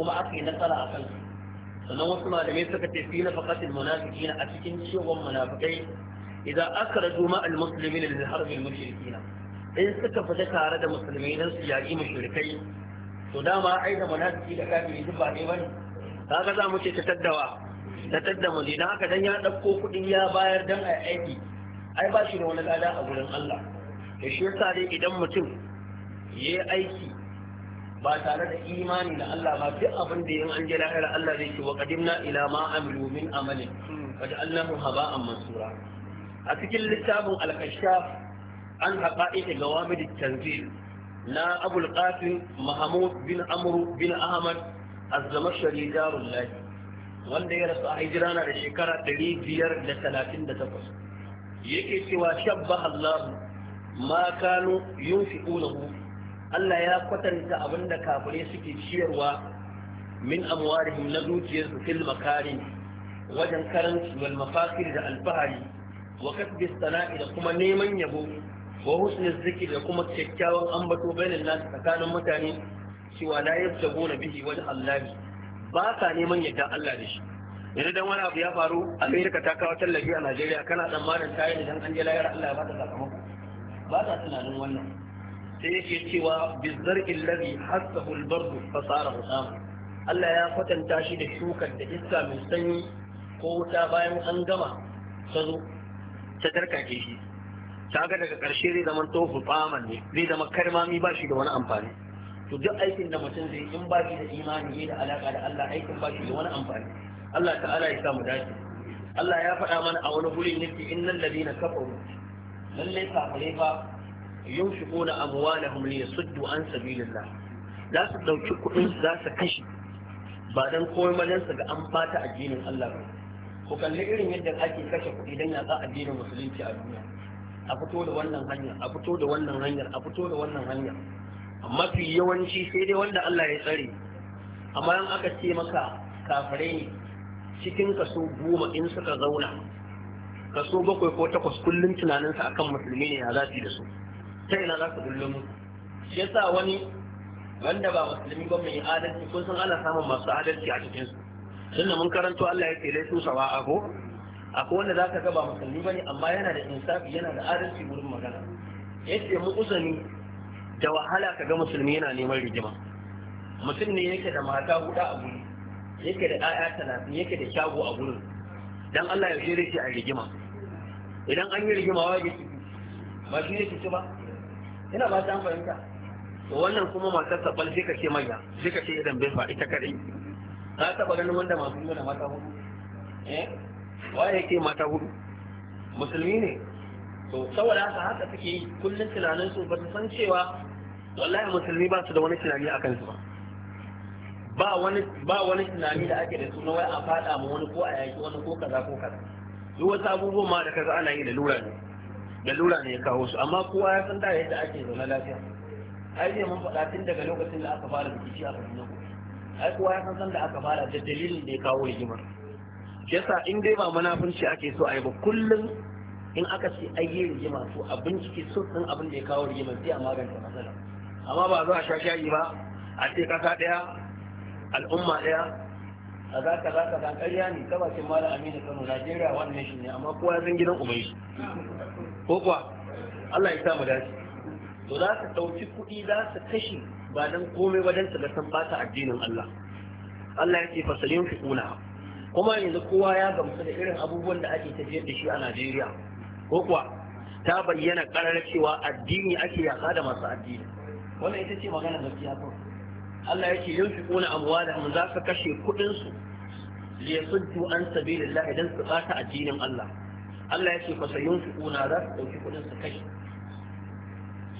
kuma aka yi nasara a kansu sannan wasu malamai suka ce fi na faqatil na a cikin cewa munafikai idan akraju ma al muslimin lil harb al na. in suka fita tare da musulmai dan su yaƙi mushrikai to dama ai da munafiki da kafiri duk ba ne bane kaga za mu ce ta taddawa ta tadda Madina haka dan ya dauko kudin ya bayar dan a aiki ai ba shi wani lada a gurin Allah da shi yasa dai idan mutum yayi aiki ba tare da imani da Allah ba duk abin da yin an je lahira Allah zai ce wa qadimna ila ma amilu min amalin faj'alnahu haba'an mansura a cikin littafin al-kashaf an haqa'iq gawamid at-tanzil na Abul Qasim Mahmud bin amru bin Ahmad az-Zamakhshari wanda ya rasu a hijira na da shekara ɗari takwas. yake cewa shabba Allah ma kanu yunfiqunahu Allah ya kwatanta abinda kafirai suke ciyarwa min amwarihim na su fil makarin wajen karanci wal mafakir da alfahari wa kasbi sana'i da kuma neman yabo wa husnul zikir da kuma kyakkyawan ambato bainan nasu tsakanin mutane cewa la yabtaguna bihi wajen Allah ba sa neman yadda Allah da shi yanzu dan wani abu ya faru Amerika ta kawo tallafi a Najeriya kana tsammanin ta yi idan an je layar Allah ya ba ta sakamako ba ta tunanin wannan sai yake cewa bizar illazi hasahu albardu fasara husama Allah ya kwatanta shi da shukar da iska mai sanyi ko wuta bayan an gama ta zo ta tarkake shi ta ga daga ƙarshe zai zama tofu faman ne zai zama karmami ba shi da wani amfani to duk aikin da mutum zai in ba shi da imani ne da alaka da Allah aikin ba shi da wani amfani Allah ta'ala ya samu dace Allah ya faɗa mana a wani ne yake innal ladina kafaru lalle kafirai ba yunfiquna amwalahum liyasuddu an sabilillah za su dauki kuɗin za su kashe ba dan komai ba dan su ga an bata addinin Allah ba ku kalli irin yadda ake kashe kuɗi don za addinin musulunci a duniya a fito da wannan hanyar a fito da wannan hanyar a fito da wannan hanyar mafi yawanci sai dai wanda Allah ya tsare amma in aka ce maka kafare ne cikin kaso goma in suka zauna kaso bakwai ko takwas kullum tunaninsa akan musulmi ne ya za da su ta ina za su dullo mu shi yasa wani wanda ba musulmi ba mai adalci kun san ana samun masu adalci a cikin su tunda mun karanto Allah ya tsere su a ko akwai wanda za ka ga ba musulmi amma yana da insafi yana da adalci wurin magana yace mu uzani da wahala ka ga musulmi yana neman rigima mutum ne yake da mata huda a guri yake da ɗaya talatin yake da shago a gurin dan Allah ya jere shi a rigima idan an yi rigima wa ya ci ba shi ne ba ina ba ta fahimta to wannan kuma matar sabal sai ka ce manya sai ka ce idan bai fa ita kaɗai. ka taba ganin wanda masu yi da mata hudu eh ya yake mata hudu musulmi ne to saboda haka haka suke yi kullum tunanin su ba su san cewa wallahi musulmi ba su da wani tunani a kansu ba ba wani ba wani tunani da ake da su na wai a fada ma wani ko a yaki wani ko kaza ko kaza duk wasu abubuwan ma da kaza ana yi da lura ne da lura ne ya kawo su amma kowa ya san da yadda ake zaune lafiya ai ne mun faɗa tun daga lokacin da aka fara rikici a Kaduna ai kowa ya san da aka fara da dalilin da ya kawo rigimar yasa in dai ba munafunci ake so a yi ba kullum in aka ce ai yi rigima to a bincike sosin abin da ya kawo rigima sai a magance matsala amma ba za a sha shayi ba a ce kasa ɗaya al'umma ɗaya a za ka za ka za ƙarya ne ta bakin mala amina kano najeriya wani shi ne amma kowa ya san gidan umar shi ko kuwa allah ya sa mu dace to za su ɗauki kuɗi za su kashe ba don komai ba don su ga san bata addinin allah allah ya ce fasalin fi'una kuma yanzu kowa ya gamsu da irin abubuwan da ake tafiyar da shi a najeriya ko kuwa ta bayyana karar cewa addini ake yaka da masu addini wannan ita ce magana gaskiya ko Allah yake yin fi kuna abuwa da za ka kashe kuɗin su liyasuddu an sabilillah idan su ɓata addinin Allah Allah yake fa yin fi kuna za su ɗauki kudinsu kashe.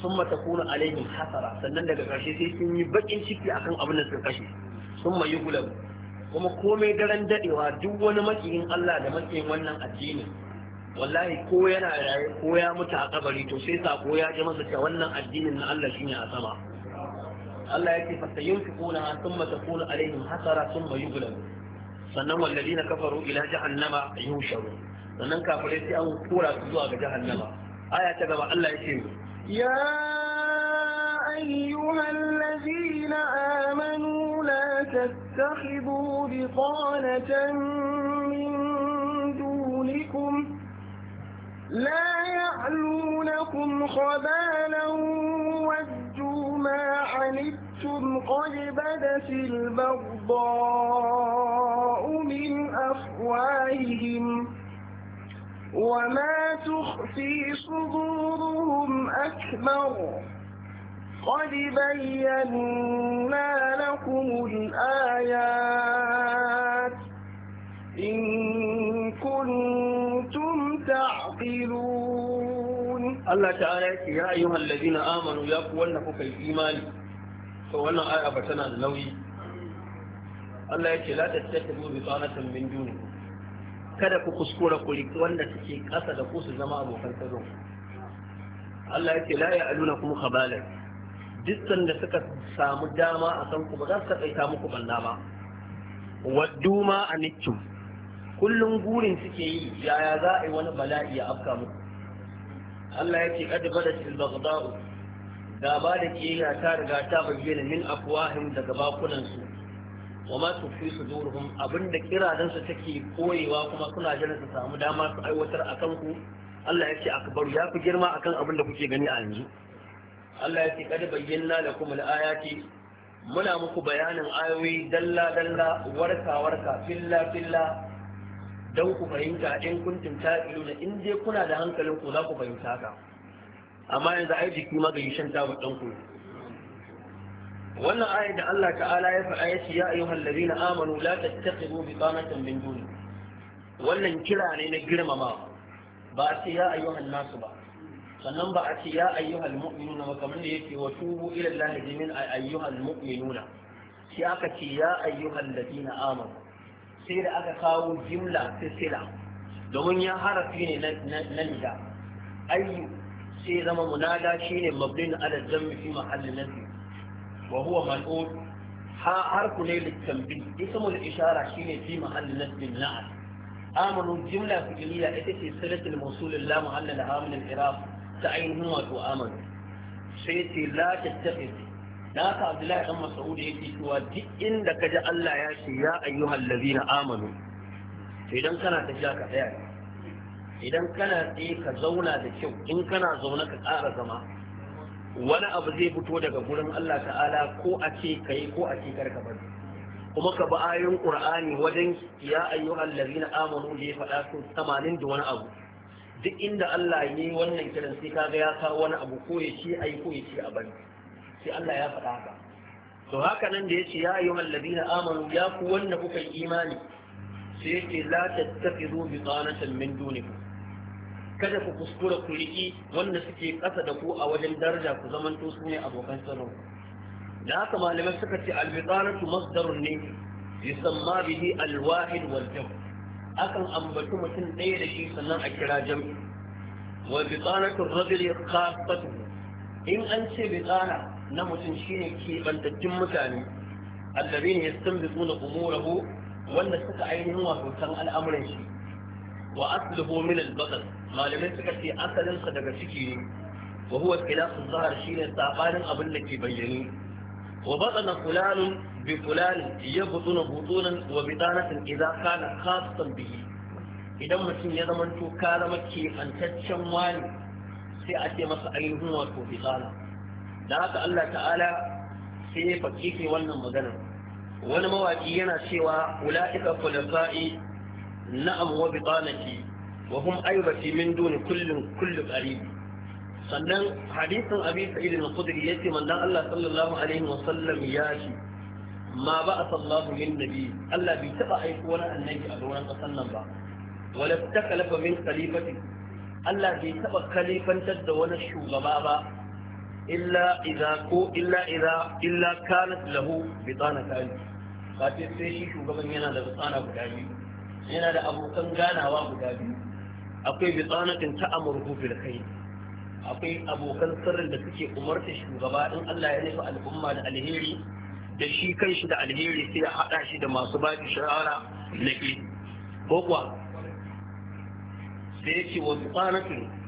sun mata kuna عليهم hasara sannan daga ƙarshe sai sun yi bakin ciki akan abin da sun kashe sun mai gulabu kuma komai daren daɗewa duk wani makiyin Allah da makiyin wannan addini wallahi ko yana raye ko ya mutu a kabari to sai sako ya ji masa ta wannan addinin na Allah shine a sama Allah yake fa sayunfiquna thumma takunu alaihim hasara thumma yughlabu sannan walladina kafaru ila jahannama yusharu sannan kafirai sai an kora su zuwa ga jahannama aya ta gaba Allah yake ya أيها الذين آمنوا لا تتخذوا بطانة من دونكم لا يعلونكم خبالا وجوا ما عنتم قد بدت البغضاء من أفواههم وما تخفي صدورهم أكبر قد بينا لكم الآيات إن Allah ta'ala yake ya ayyuhal ladina amanu ya ku wanda kuka yi imani to wannan aya ba tana da nauyi Allah yake la tattakibu bi sanatan min duni kada ku kuskura ku riki wanda take ƙasa da ku su zama abokan sirrin Allah yake la ya'aluna kum khabala dukkan da suka samu dama a san ku ba za su taƙaita muku banda ba waddu ma anittum kullum gurin suke yi yaya za a yi wani bala'i ya afka muku Allah ya ce kad al baghda'u gaba da ke ya ta riga ta bayyana min afwahim daga bakunan su wa ma tufi sudurhum abinda kiradan su take koyewa kuma suna jira su samu dama su aiwatar akan ku Allah ya akbaru ya fi girma akan abin da kuke gani a yanzu Allah ya ce kad bayyana lakum al ayati muna muku bayanin ayoyi dalla dalla warka warka filla filla don ku fahimta in kuntum ta'ilu na in dai kuna da hankalin ku za ku fahimta ka. amma yanzu ai jiki ma bai shan tabu dan ku wannan ayat da Allah ta'ala ya faɗa ya ce ya ayyuhal ladina amanu la bi biqanatan min duni wannan kira ne na girmama ba a ce ya ayyuhan nasu ba sannan ba a ce ya ayyuhal mu'minuna kamar da yake wa tubu ila Allah min ayyuhal mu'minuna sai aka ce ya ayyuhal ladina amanu sai da aka kawo jimla silsila domin ya harafi ne na nida ayyu sai zama munada shine mabdin adadin fi mahalli nafi wa huwa mal'ud ha harku ne litambi ismul ishara shine fi mahalli nafi na'at amanu jimla fi'liya ita ce silatul mawsul la muhalla laha min ta ainihin wato amanu sai ce la tafi. da haka abdullahi dan mas'ud yake cewa duk inda ka ji Allah ya ce ya ayyuhal ladina amanu idan kana tafiya ka tsaya idan kana tsaye ka zauna da kyau in kana zaune ka ƙara zama wani abu zai fito daga gurin Allah ta'ala ko a ce kai ko a ce karka bari kuma ka bi ayoyin qur'ani wajen ya ayyuhal ladina amanu da ya faɗa su 80 da wani abu duk inda Allah ya yi wannan kiran sai kaga ya kawo wani abu ko ya ce ai ko ya ce a bari sai Allah ya faɗa haka to haka nan da yace ya ayyuhal ladina amanu ya ku wanda kuka yi imani sai yake la tattakhidhu biqanatan min dunikum kada ku kuskura ku riƙi wanda suke ƙasa da ku a wajen daraja ku zamanto su ne abokan tsaro da haka malamai suka ce albiqanatu masdarun ne yusamma bihi alwahid wal jam akan ambaci mutum ɗaya da shi sannan a kira jam'i wa biqanatu rajuli khassatu in an ce bitana. na mutum shine keɓantattun mutane allabi ne ya stambi tsuna umurahu wanda suka ainihin wato san al'amuran shi wa asluhu min al-basar malamai suka ce asalinsa daga ciki ne wa huwa khilafu zahar shine sabanin abin da ke bayyane wa batana fulanun bi fulanin yabtuna butunan wa bidanatin idza kana khassan bihi idan mutum ya zama to ka zama keɓantaccen wani sai a ce masa ainihin wato fitsana. da haka Allah ta'ala sai ya fakife wannan magana wani mawaƙi yana cewa ula'ika na na'am wa bitanati wa hum aibati min duni kullum kullu qarib sannan hadisin abi sa'id al-khudri yace manzon Allah sallallahu alaihi wa sallam ya shi ma ba sallahu min nabi Allah bai taba aiko wani annabi a doron kasan nan ba wala takalafa min khalifati Allah bai taba khalifantar da wani shugaba ba illa idza illa idza illa kanat lahu ka ce sai shi shugaban yana da bitsana guda biyu yana da abokan ganawa guda biyu akwai bitsanatin ta amurku da kai akwai abokan sirrin da suke umarta shugaba in Allah ya nufi al'umma da alheri da shi kan shi da alheri sai ya haɗa shi da masu ba shi shawara na ke ko kuwa sai yake wa bitsanatin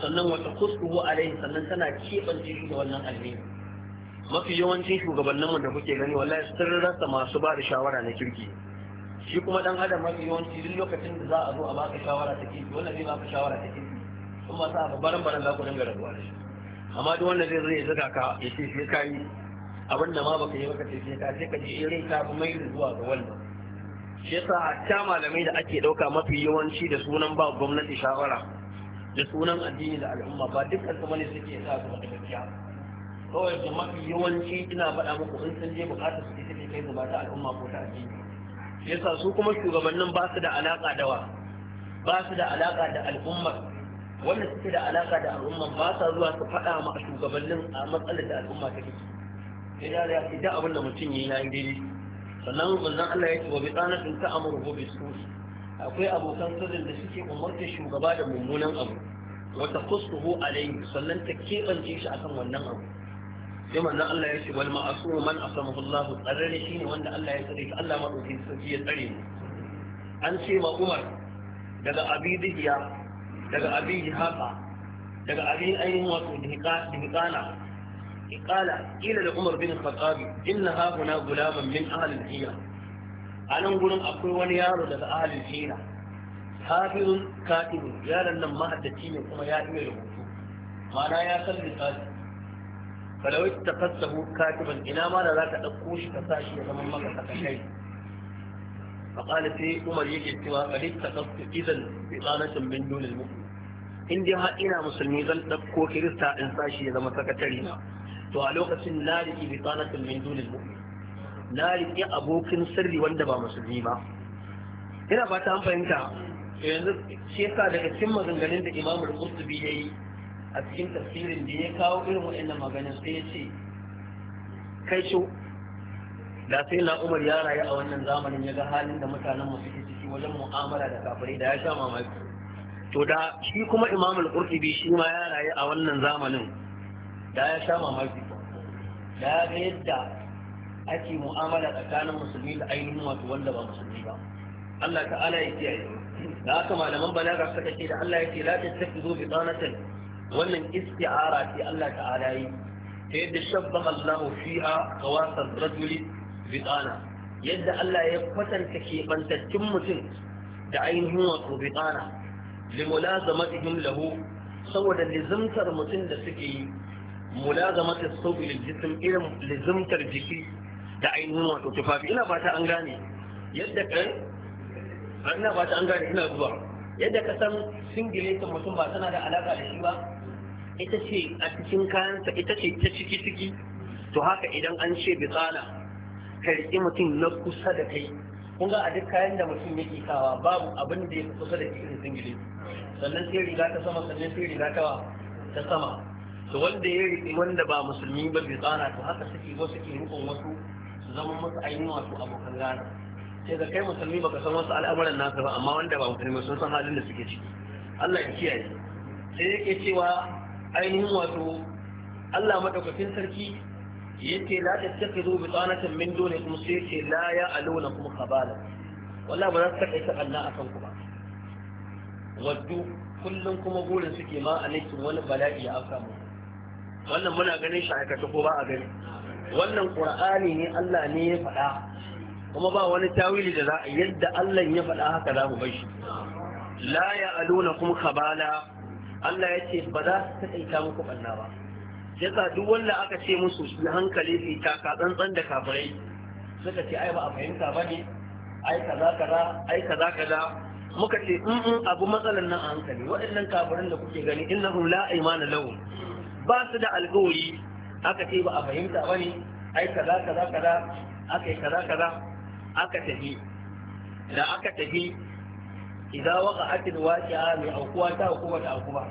sannan wata a rai sannan tana keɓance shi da wannan alheri mafi yawancin shugabanninmu da kuke gani wallahi sun rasa masu ba da shawara na kirki shi kuma dan adam mafi yawanci duk lokacin da za a zo a baka shawara ta kirki wannan zai baka shawara ta kirki sun ba sa a baran baran za ku dinga rabuwa da shi amma duk wanda zai zo ya zuga ka ya ce sai ka yi abin da ma baka yi baka ce sai ka sai ka je irin ka fi mai zuwa ga wannan shi yasa hatta malamai da ake ɗauka mafi yawanci da sunan ba gwamnati shawara da sunan addini da al'umma ba dukkan su bane suke sa su da gaskiya kawai da mafi yawanci ina faɗa muku in sun je bukatar su take kai ga ba al'umma ko ta addini yasa su kuma shugabannin ba su da alaka da wa ba su da alaka da al'ummar wanda suke da alaka da al'ummar ba sa zuwa su faɗa ma shugabannin a matsalar da al'umma take sai da ya ci da abin da mutum yayi yayi daidai sannan manzon Allah ya ce wa bi tsanatin amuru bi su akwai abokan sirrin da suke umarta shugaba da mummunan abu wata kusuhu alayhi sannan ta keɓance shi akan wannan abu sai manzon Allah ya ce wal ma'asum man asamahu Allah shi ne wanda Allah ya tsare shi Allah madaukin sarki ya tsare mu an ce ma Umar daga Abi Dihiya daga Abi Jihaqa daga Abi Ayin wato Dihiqana قال قيل لعمر بن الخطاب إن ها هنا غلاما من أهل الحيرة a nan gurin akwai wani yaro daga ahalin shina hafizun katibun yaron nan mahaddaci ne kuma ya iya rubutu Mana ya san lissafi falawai ta fassahu katiban ina ma da za ka ɗauko shi ka sa shi ya zama maka sakakai faƙali sai umar yake cewa ƙari ta kasu izan fitsanatin bin dunil mu in dai har ina musulmi zan ɗauko kirista in sa shi ya zama sakatari na to a lokacin na riƙi fitsanatin bin dunil mu'min na riƙe abokin sirri wanda ba musulmi ba ina ba ta fahimta yanzu shekara daga cikin maganganun da imamul ya yi a cikin tafsirin da ya kawo irin waɗannan maganin sai ya ce kai shi da sai na umar ya rayu a wannan zamanin ya ga halin da mutanen mu suke ciki wajen mu'amala da kafirai da ya sha mamaki to da shi kuma imamul qurtubi shi ma ya rayu a wannan zamanin da ya sha mamaki da ya ga yadda ake mu'amala tsakanin musulmi da ainihin wato wanda ba musulmi ba Allah ta'ala ya kiyaye da haka malaman balaga suka ce da Allah ya ce la tattakhidhu bi qanatin wannan isti'ara ce Allah ta'ala yi ta yadda shabbaha Allahu fiha qawasar rajuli bi qana yadda Allah ya kwatanta kebantaccen mutum da ainihin wato bi qana limulazamatihim lahu saboda lizimtar mutum da suke yi mulazamatis sabu lil jism irin lizimtar jiki da ainihin wato tufafi ina ba ta an gane yadda kan ina ba ta an gane ina zuwa yadda ka san ta mutum ba tana da alaka da shi ba ita ce a cikin kayansa ita ce ta ciki ciki to haka idan an ce bitsana ka riƙi mutum na kusa da kai kun ga a duk kayan da mutum yake kawa babu abin da ya kusa da cikin singile sannan sai riga ta sama sannan sai riga ta ta sama to wanda ya riƙi wanda ba musulmi ba bai tsara to haka suke wasu ke rukun wasu zama masu ainihin wato abokan gana sai ga kai musulmi baka san wasu al'amuran nasa ba amma wanda ba musulmi sun san halin da suke ciki Allah ya kiyaye sai yake cewa ainihin wato Allah madaukakin sarki yace la tattakhidhu bi qanatan min kuma sai yace la ya kuma khabala wallahi ba za su kai ta Allah akan ku ba waddu kullum kuma burin suke ma alaikum wani bala'i ya afka mu wannan muna ganin shi aikata ko ba a gani wannan ƙur'ani ne Allah ne ya faɗa kuma ba wani tawili da za a yadda Allah ya faɗa haka za mu bar shi la ya'aluna kum khabala Allah ya ce ba za su taƙaita muku ɓanna ba yasa duk wanda aka ce musu su hankali su taka tsantsan da kafirai suka ce ai ba a fahimta ba ne ai kaza kaza ai kaza kaza muka ce in in abu matsalar nan a hankali waɗannan kafirin da kuke gani innahum la imana lahum ba su da alƙawari aka ce ba a fahimta ba ne ai kaza kaza kaza aka yi kaza kaza aka tafi da aka tafi idan waka waki a mai aukuwa ta auku ba ta auku ba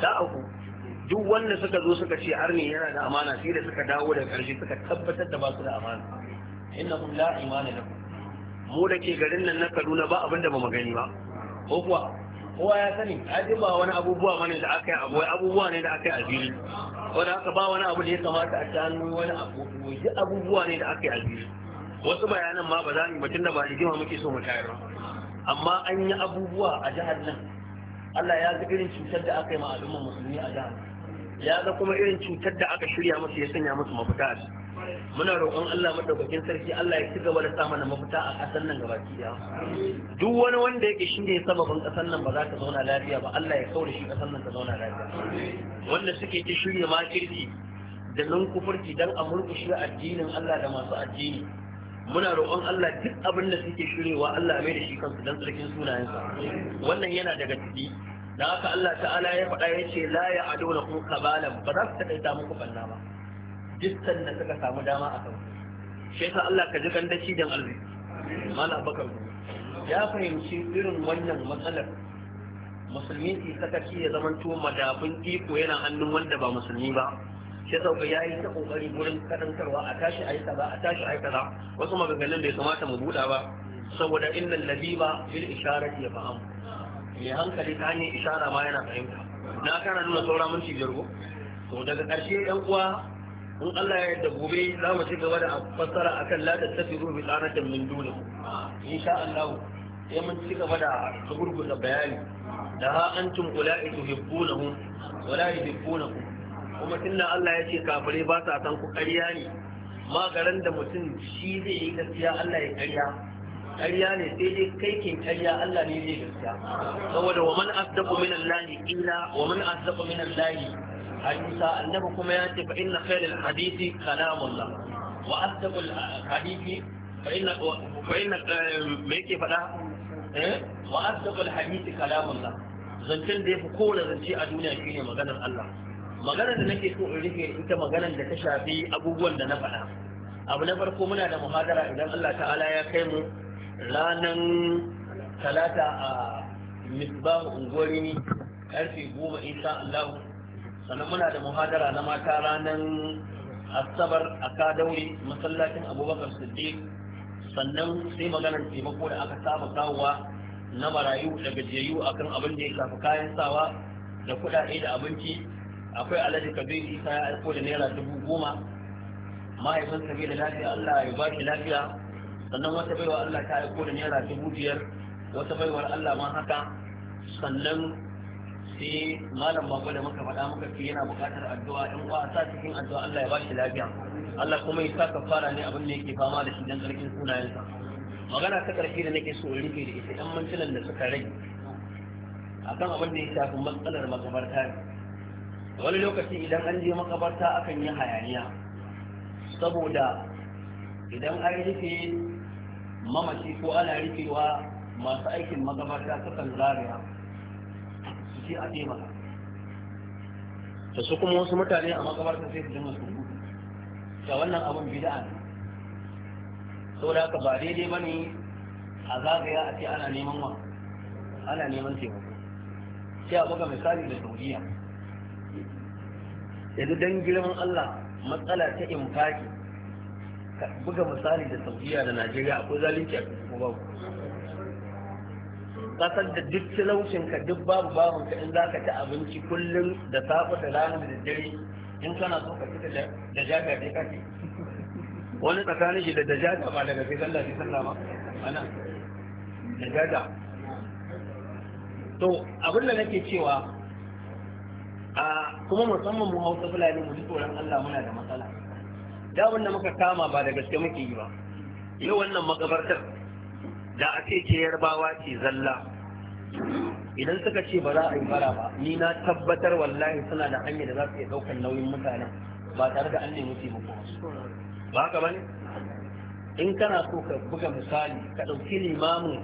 ta auku duk wanda suka zo suka ce har ne yana da amana sai da suka dawo da ƙarshe suka tabbatar da ba su da amana Inna innahum la imana lahum mu da ke garin nan na Kaduna ba abin da ba magani gani ba ko kuwa kowa ya sani ajin ba wani abubuwa ne da aka yi abubuwa ne da aka yi a Wani aka ba wani abu da ya kamata a shanu hannu wani abu ji abubuwa ne da aka yi aljihu wasu bayanan ma ba za mu mutum da ba gima muke so mu tayar ba amma an yi abubuwa a jihar nan Allah ya ga irin cutar da aka yi ma al'ummar musulmi a jihar ya ga kuma irin cutar da aka shirya musu ya sanya musu mafita a muna roƙon Allah madaukakin sarki Allah ya ci gaba da sa mana mafita a ƙasar nan gabaki daya duk wani wanda yake shine sababin ƙasar nan ba za ta zauna lafiya ba Allah ya kaure shi ƙasar nan ta zauna lafiya wanda suke ta shirya makirci da nan kufurci dan a murƙushe addinin Allah da masu addini muna roƙon Allah duk abin da suke shirewa Allah mai da shi kansu dan tsarkin sunayensa wannan yana daga ciki da haka Allah ta'ala ya faɗa ya ce la ya adona kuma kabalan ba za su taƙaita muku banna ba dukkan da suka samu dama a kan shi yasa Allah ka ji ganda cidan arziki mala bakar ya fahimci irin wannan matsalar musulmi su sakaci ya zama to madafin iko yana hannun wanda ba musulmi ba shi sauka ya yi ta kokari wurin karantarwa a tashi a yi kaza a tashi a kaza wasu maganganun bai kamata mu buɗa ba saboda innan labiba bil isharati ya faham Me hankali ta hanyar ishara ma yana fahimta na kana nuna saura minti biyar ko to daga ƙarshe ɗan uwa in Allah ya yarda gobe za mu ci gaba da fassara akan la tattafiru bi tsanatin min duni insha Allah sai mun ci gaba da gurgurta bayani da ha antum ula'i tuhibbunahum wa la yuhibbunakum kuma tunda Allah ya ce kafirai ba sa san ku ƙarya ne magaran da mutum shi zai yi gaskiya Allah ya ƙarya ƙarya ne sai dai kai kin ƙarya Allah ne zai gaskiya saboda wa man asdaqu min Allah illa wa man asdaqu min Allah a Musa annabi kuma ya ce fa inna khairul hadisi kalamullah wa asdaqul hadisi fa inna fa inna me yake faɗa eh wa asdaqul hadisi kalamullah zancen da yafi kowane zance a duniya shine maganar Allah maganar da nake so in rufe ita maganar da ta shafi abubuwan da na faɗa abu na farko muna da muhadara idan Allah ta'ala ya kai mu ranar talata a misbahu unguwarini karfe goma insha Allah sannan muna da muhadara na mata ranar asabar a kadaure masallacin abubakar siddiq sannan sai maganar taimako da aka saba kawowa na marayu da gajiyayyu akan abin da ya shafi kayan sawa da kuɗaɗe da abinci akwai alhaji kabir isa ya aiko da naira dubu goma mahaifinsa bai da lafiya allah ya ba shi lafiya sannan wata baiwa allah ta aiko da naira dubu biyar wata baiwar allah ma haka sannan sai malam bako da muka faɗa muka fi yana buƙatar addu'a in uwa sa cikin addu'a Allah ya ba shi lafiya Allah kuma ya sa fara ne abin da yake fama da shi dan sarkin sunayensa magana ta ƙarshe da nake so in rufe da ita ɗan mantilan da suka rage akan abin da ya shafi matsalar makabarta ne wani lokaci idan an je makabarta akan yi hayaniya saboda idan an rufe mamaci ko ana rufewa masu aikin makabarta sukan zagaya ce a da su kuma wasu mutane a makamarta sai su dinga surutu da wannan abin bida'a ne saboda haka ba daidai ba ne a zagaya a ce ana neman wa ana neman taimako sai a buga misali da saudiya yanzu don girman allah matsala ta ka buga misali da saudiya da najeriya akwai zalunci a cikin babu kasar da duk ka duk babu ka in za ka ci abinci kullum da safe da rana da dare in kana so ka fita da jaga dai kake wani tsakanin shi da da jaga ba daga sai sallah sai sallah ba ana da jaga to abin da nake cewa a kuma musamman mu hausa fulani mu ji tsoron Allah muna da matsala da wanda muka kama ba da gaske muke yi ba yau wannan makabartar da ake ce yarbawa ce zalla idan suka ce ba za a yi bara ba ni na tabbatar wallahi suna da hanyar da za su iya ɗaukar nauyin mutane ba tare da an nemi taimako ba ka bane in kana so ka buga misali ka ɗauki limamin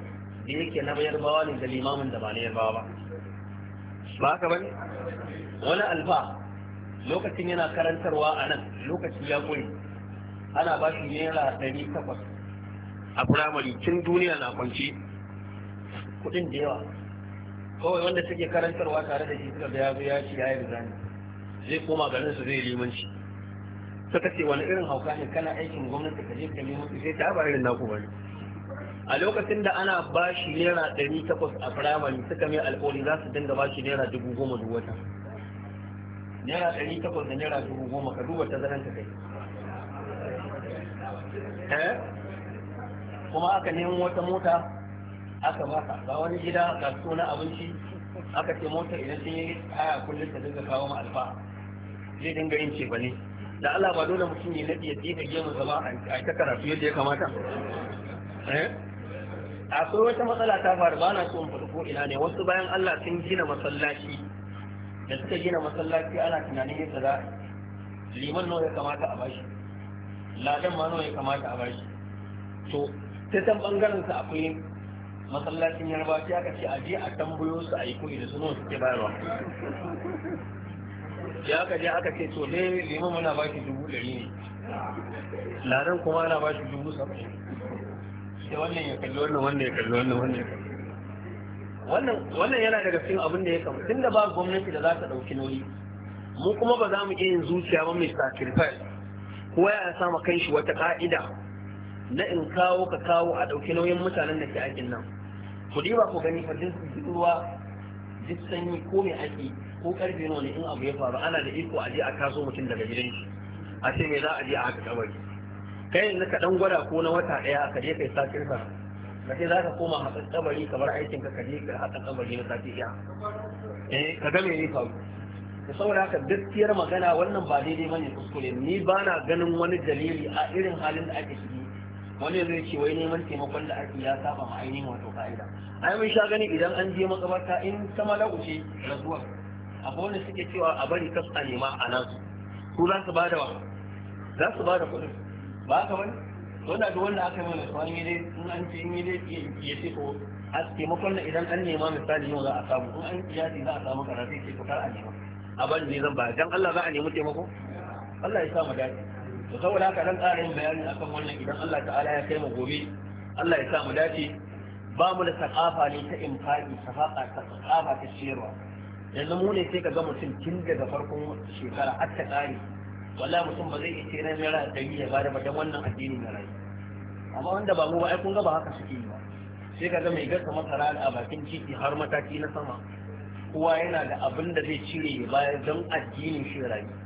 da yake na bayar bawa ne da limamin da ba na yarbawa ba ba ka bane wani alfa lokacin yana karantarwa a nan lokaci ya koyi ana ba shi naira ɗari takwas a firamare tun duniya na kwanci kuɗin da yawa kawai wanda take karantarwa tare da shi suka ga ya zo ya ci ya yi rizani zai koma garin su zai limanci suka ce wani irin hauka ne kana aikin gwamnati ka je ka limanci sai ta ba irin naku ne. a lokacin da ana ba shi naira ɗari takwas a firamare suka mai alƙawari za su dinga ba shi naira dubu goma duk wata naira ɗari takwas da naira dubu goma ka duba ta zanen kai eh? kuma aka nemi wata mota aka baka ba wani gida ga suna abinci aka ce mota idan sun yi haya kullum ta dinga kawo ma alfa zai dinga yin ce ba ne da Allah ba dole mutum ne na ya tsika gemu zama a ta karatu yadda ya kamata eh? akwai wata matsala ta faru ba na so mu farko ko ina ne wasu bayan Allah sun gina masallaci da suka gina masallaci ana tunanin yadda za liman nawa ya kamata a bashi ladan ma nawa ya kamata a bashi to ta san bangaren sa akwai masallacin yarba sai aka ce aje a tambayo su a yi kuɗi da suna suke bayarwa ya aka je aka ce to ne limon muna ba shi dubu ɗari ne larin kuma ana ba shi dubu saba'in sai wannan ya kalli wannan wannan ya kalli wannan wannan ya kalli wannan wannan yana daga cikin abin da ya kama tun da ba gwamnati da za ta ɗauki nauyi mu kuma ba za mu iya yin zuciya ba mai sacrifice ko ya sama kanshi wata ka'ida na in kawo ka kawo a ɗauki nauyin mutanen da ke aikin nan ku ɗiba ku gani fa duk ruwa duk sanyi ko mai ake ko karfe nawa ne in abu ya faru ana da iko a je a taso mutum daga gidan shi a ce me za a je a haka kabari kai yanzu ka dan gwada ko na wata ɗaya ka je kai sakin ka ka ce za ka koma haka kabari kamar aikin ka ka je ka haka kabari na sati iya eh ka ga me ne faru da saboda haka gaskiyar magana wannan ba daidai bane kuskure ni ba na ganin wani dalili a irin halin da ake ciki wani zai ce wai neman taimakon da ake ya saba ma ainihin wato fa'ida. ai mun sha gani idan an je makabarta in ta malaku ce rasuwa akwai wanda suke cewa a bari kas a nema a nan su za su bada wa za su bada kuɗin ba ka bane wanda da wanda aka yi mana su an yi dai in an ce in yi dai ya ce ko a taimakon da idan an nema misali yau za a samu in an kiyasi za a samu karatu ce ko kar a nema a bari ne zan ba dan Allah za a nemi taimako Allah ya sa mu dace to saboda haka dan ƙarin bayani akan wannan idan Allah ta'ala ya kai mu gobe Allah ya sa mu dace ba mu da sakafa ne ta infaki sakafa ta sakafa ta shirwa yanzu mu ne sai ka ga mutum tun daga farkon shekara har ta ƙare wallahi mutum ba zai iya ce ran naira ɗari ya da ba wannan addini na rai amma wanda ba mu ba ai kun ga ba haka suke yi ba sai ka ga mai gasa masara a bakin titi har mataki na sama kowa yana da abin da zai cire ya bayar don addinin shi rayu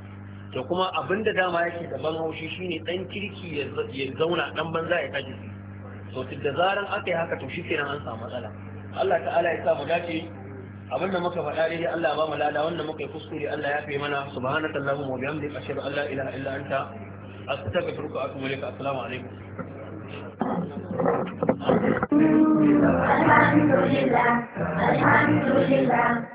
da kuma abin da dama yake da ban haushi shine dan kirki ya zauna dan banza ya kaji to da zaran aka yi haka to shi kenan an samu matsala Allah ta'ala ya sa mu dace abin da muka faɗa dai Allah ba mu lada wanda muka yi kuskure Allah ya fi mana subhanaka allahumma wa bihamdika ashhadu an la ilaha illa anta astaghfiruka wa atubu ilaik assalamu alaikum الحمد لله الحمد لله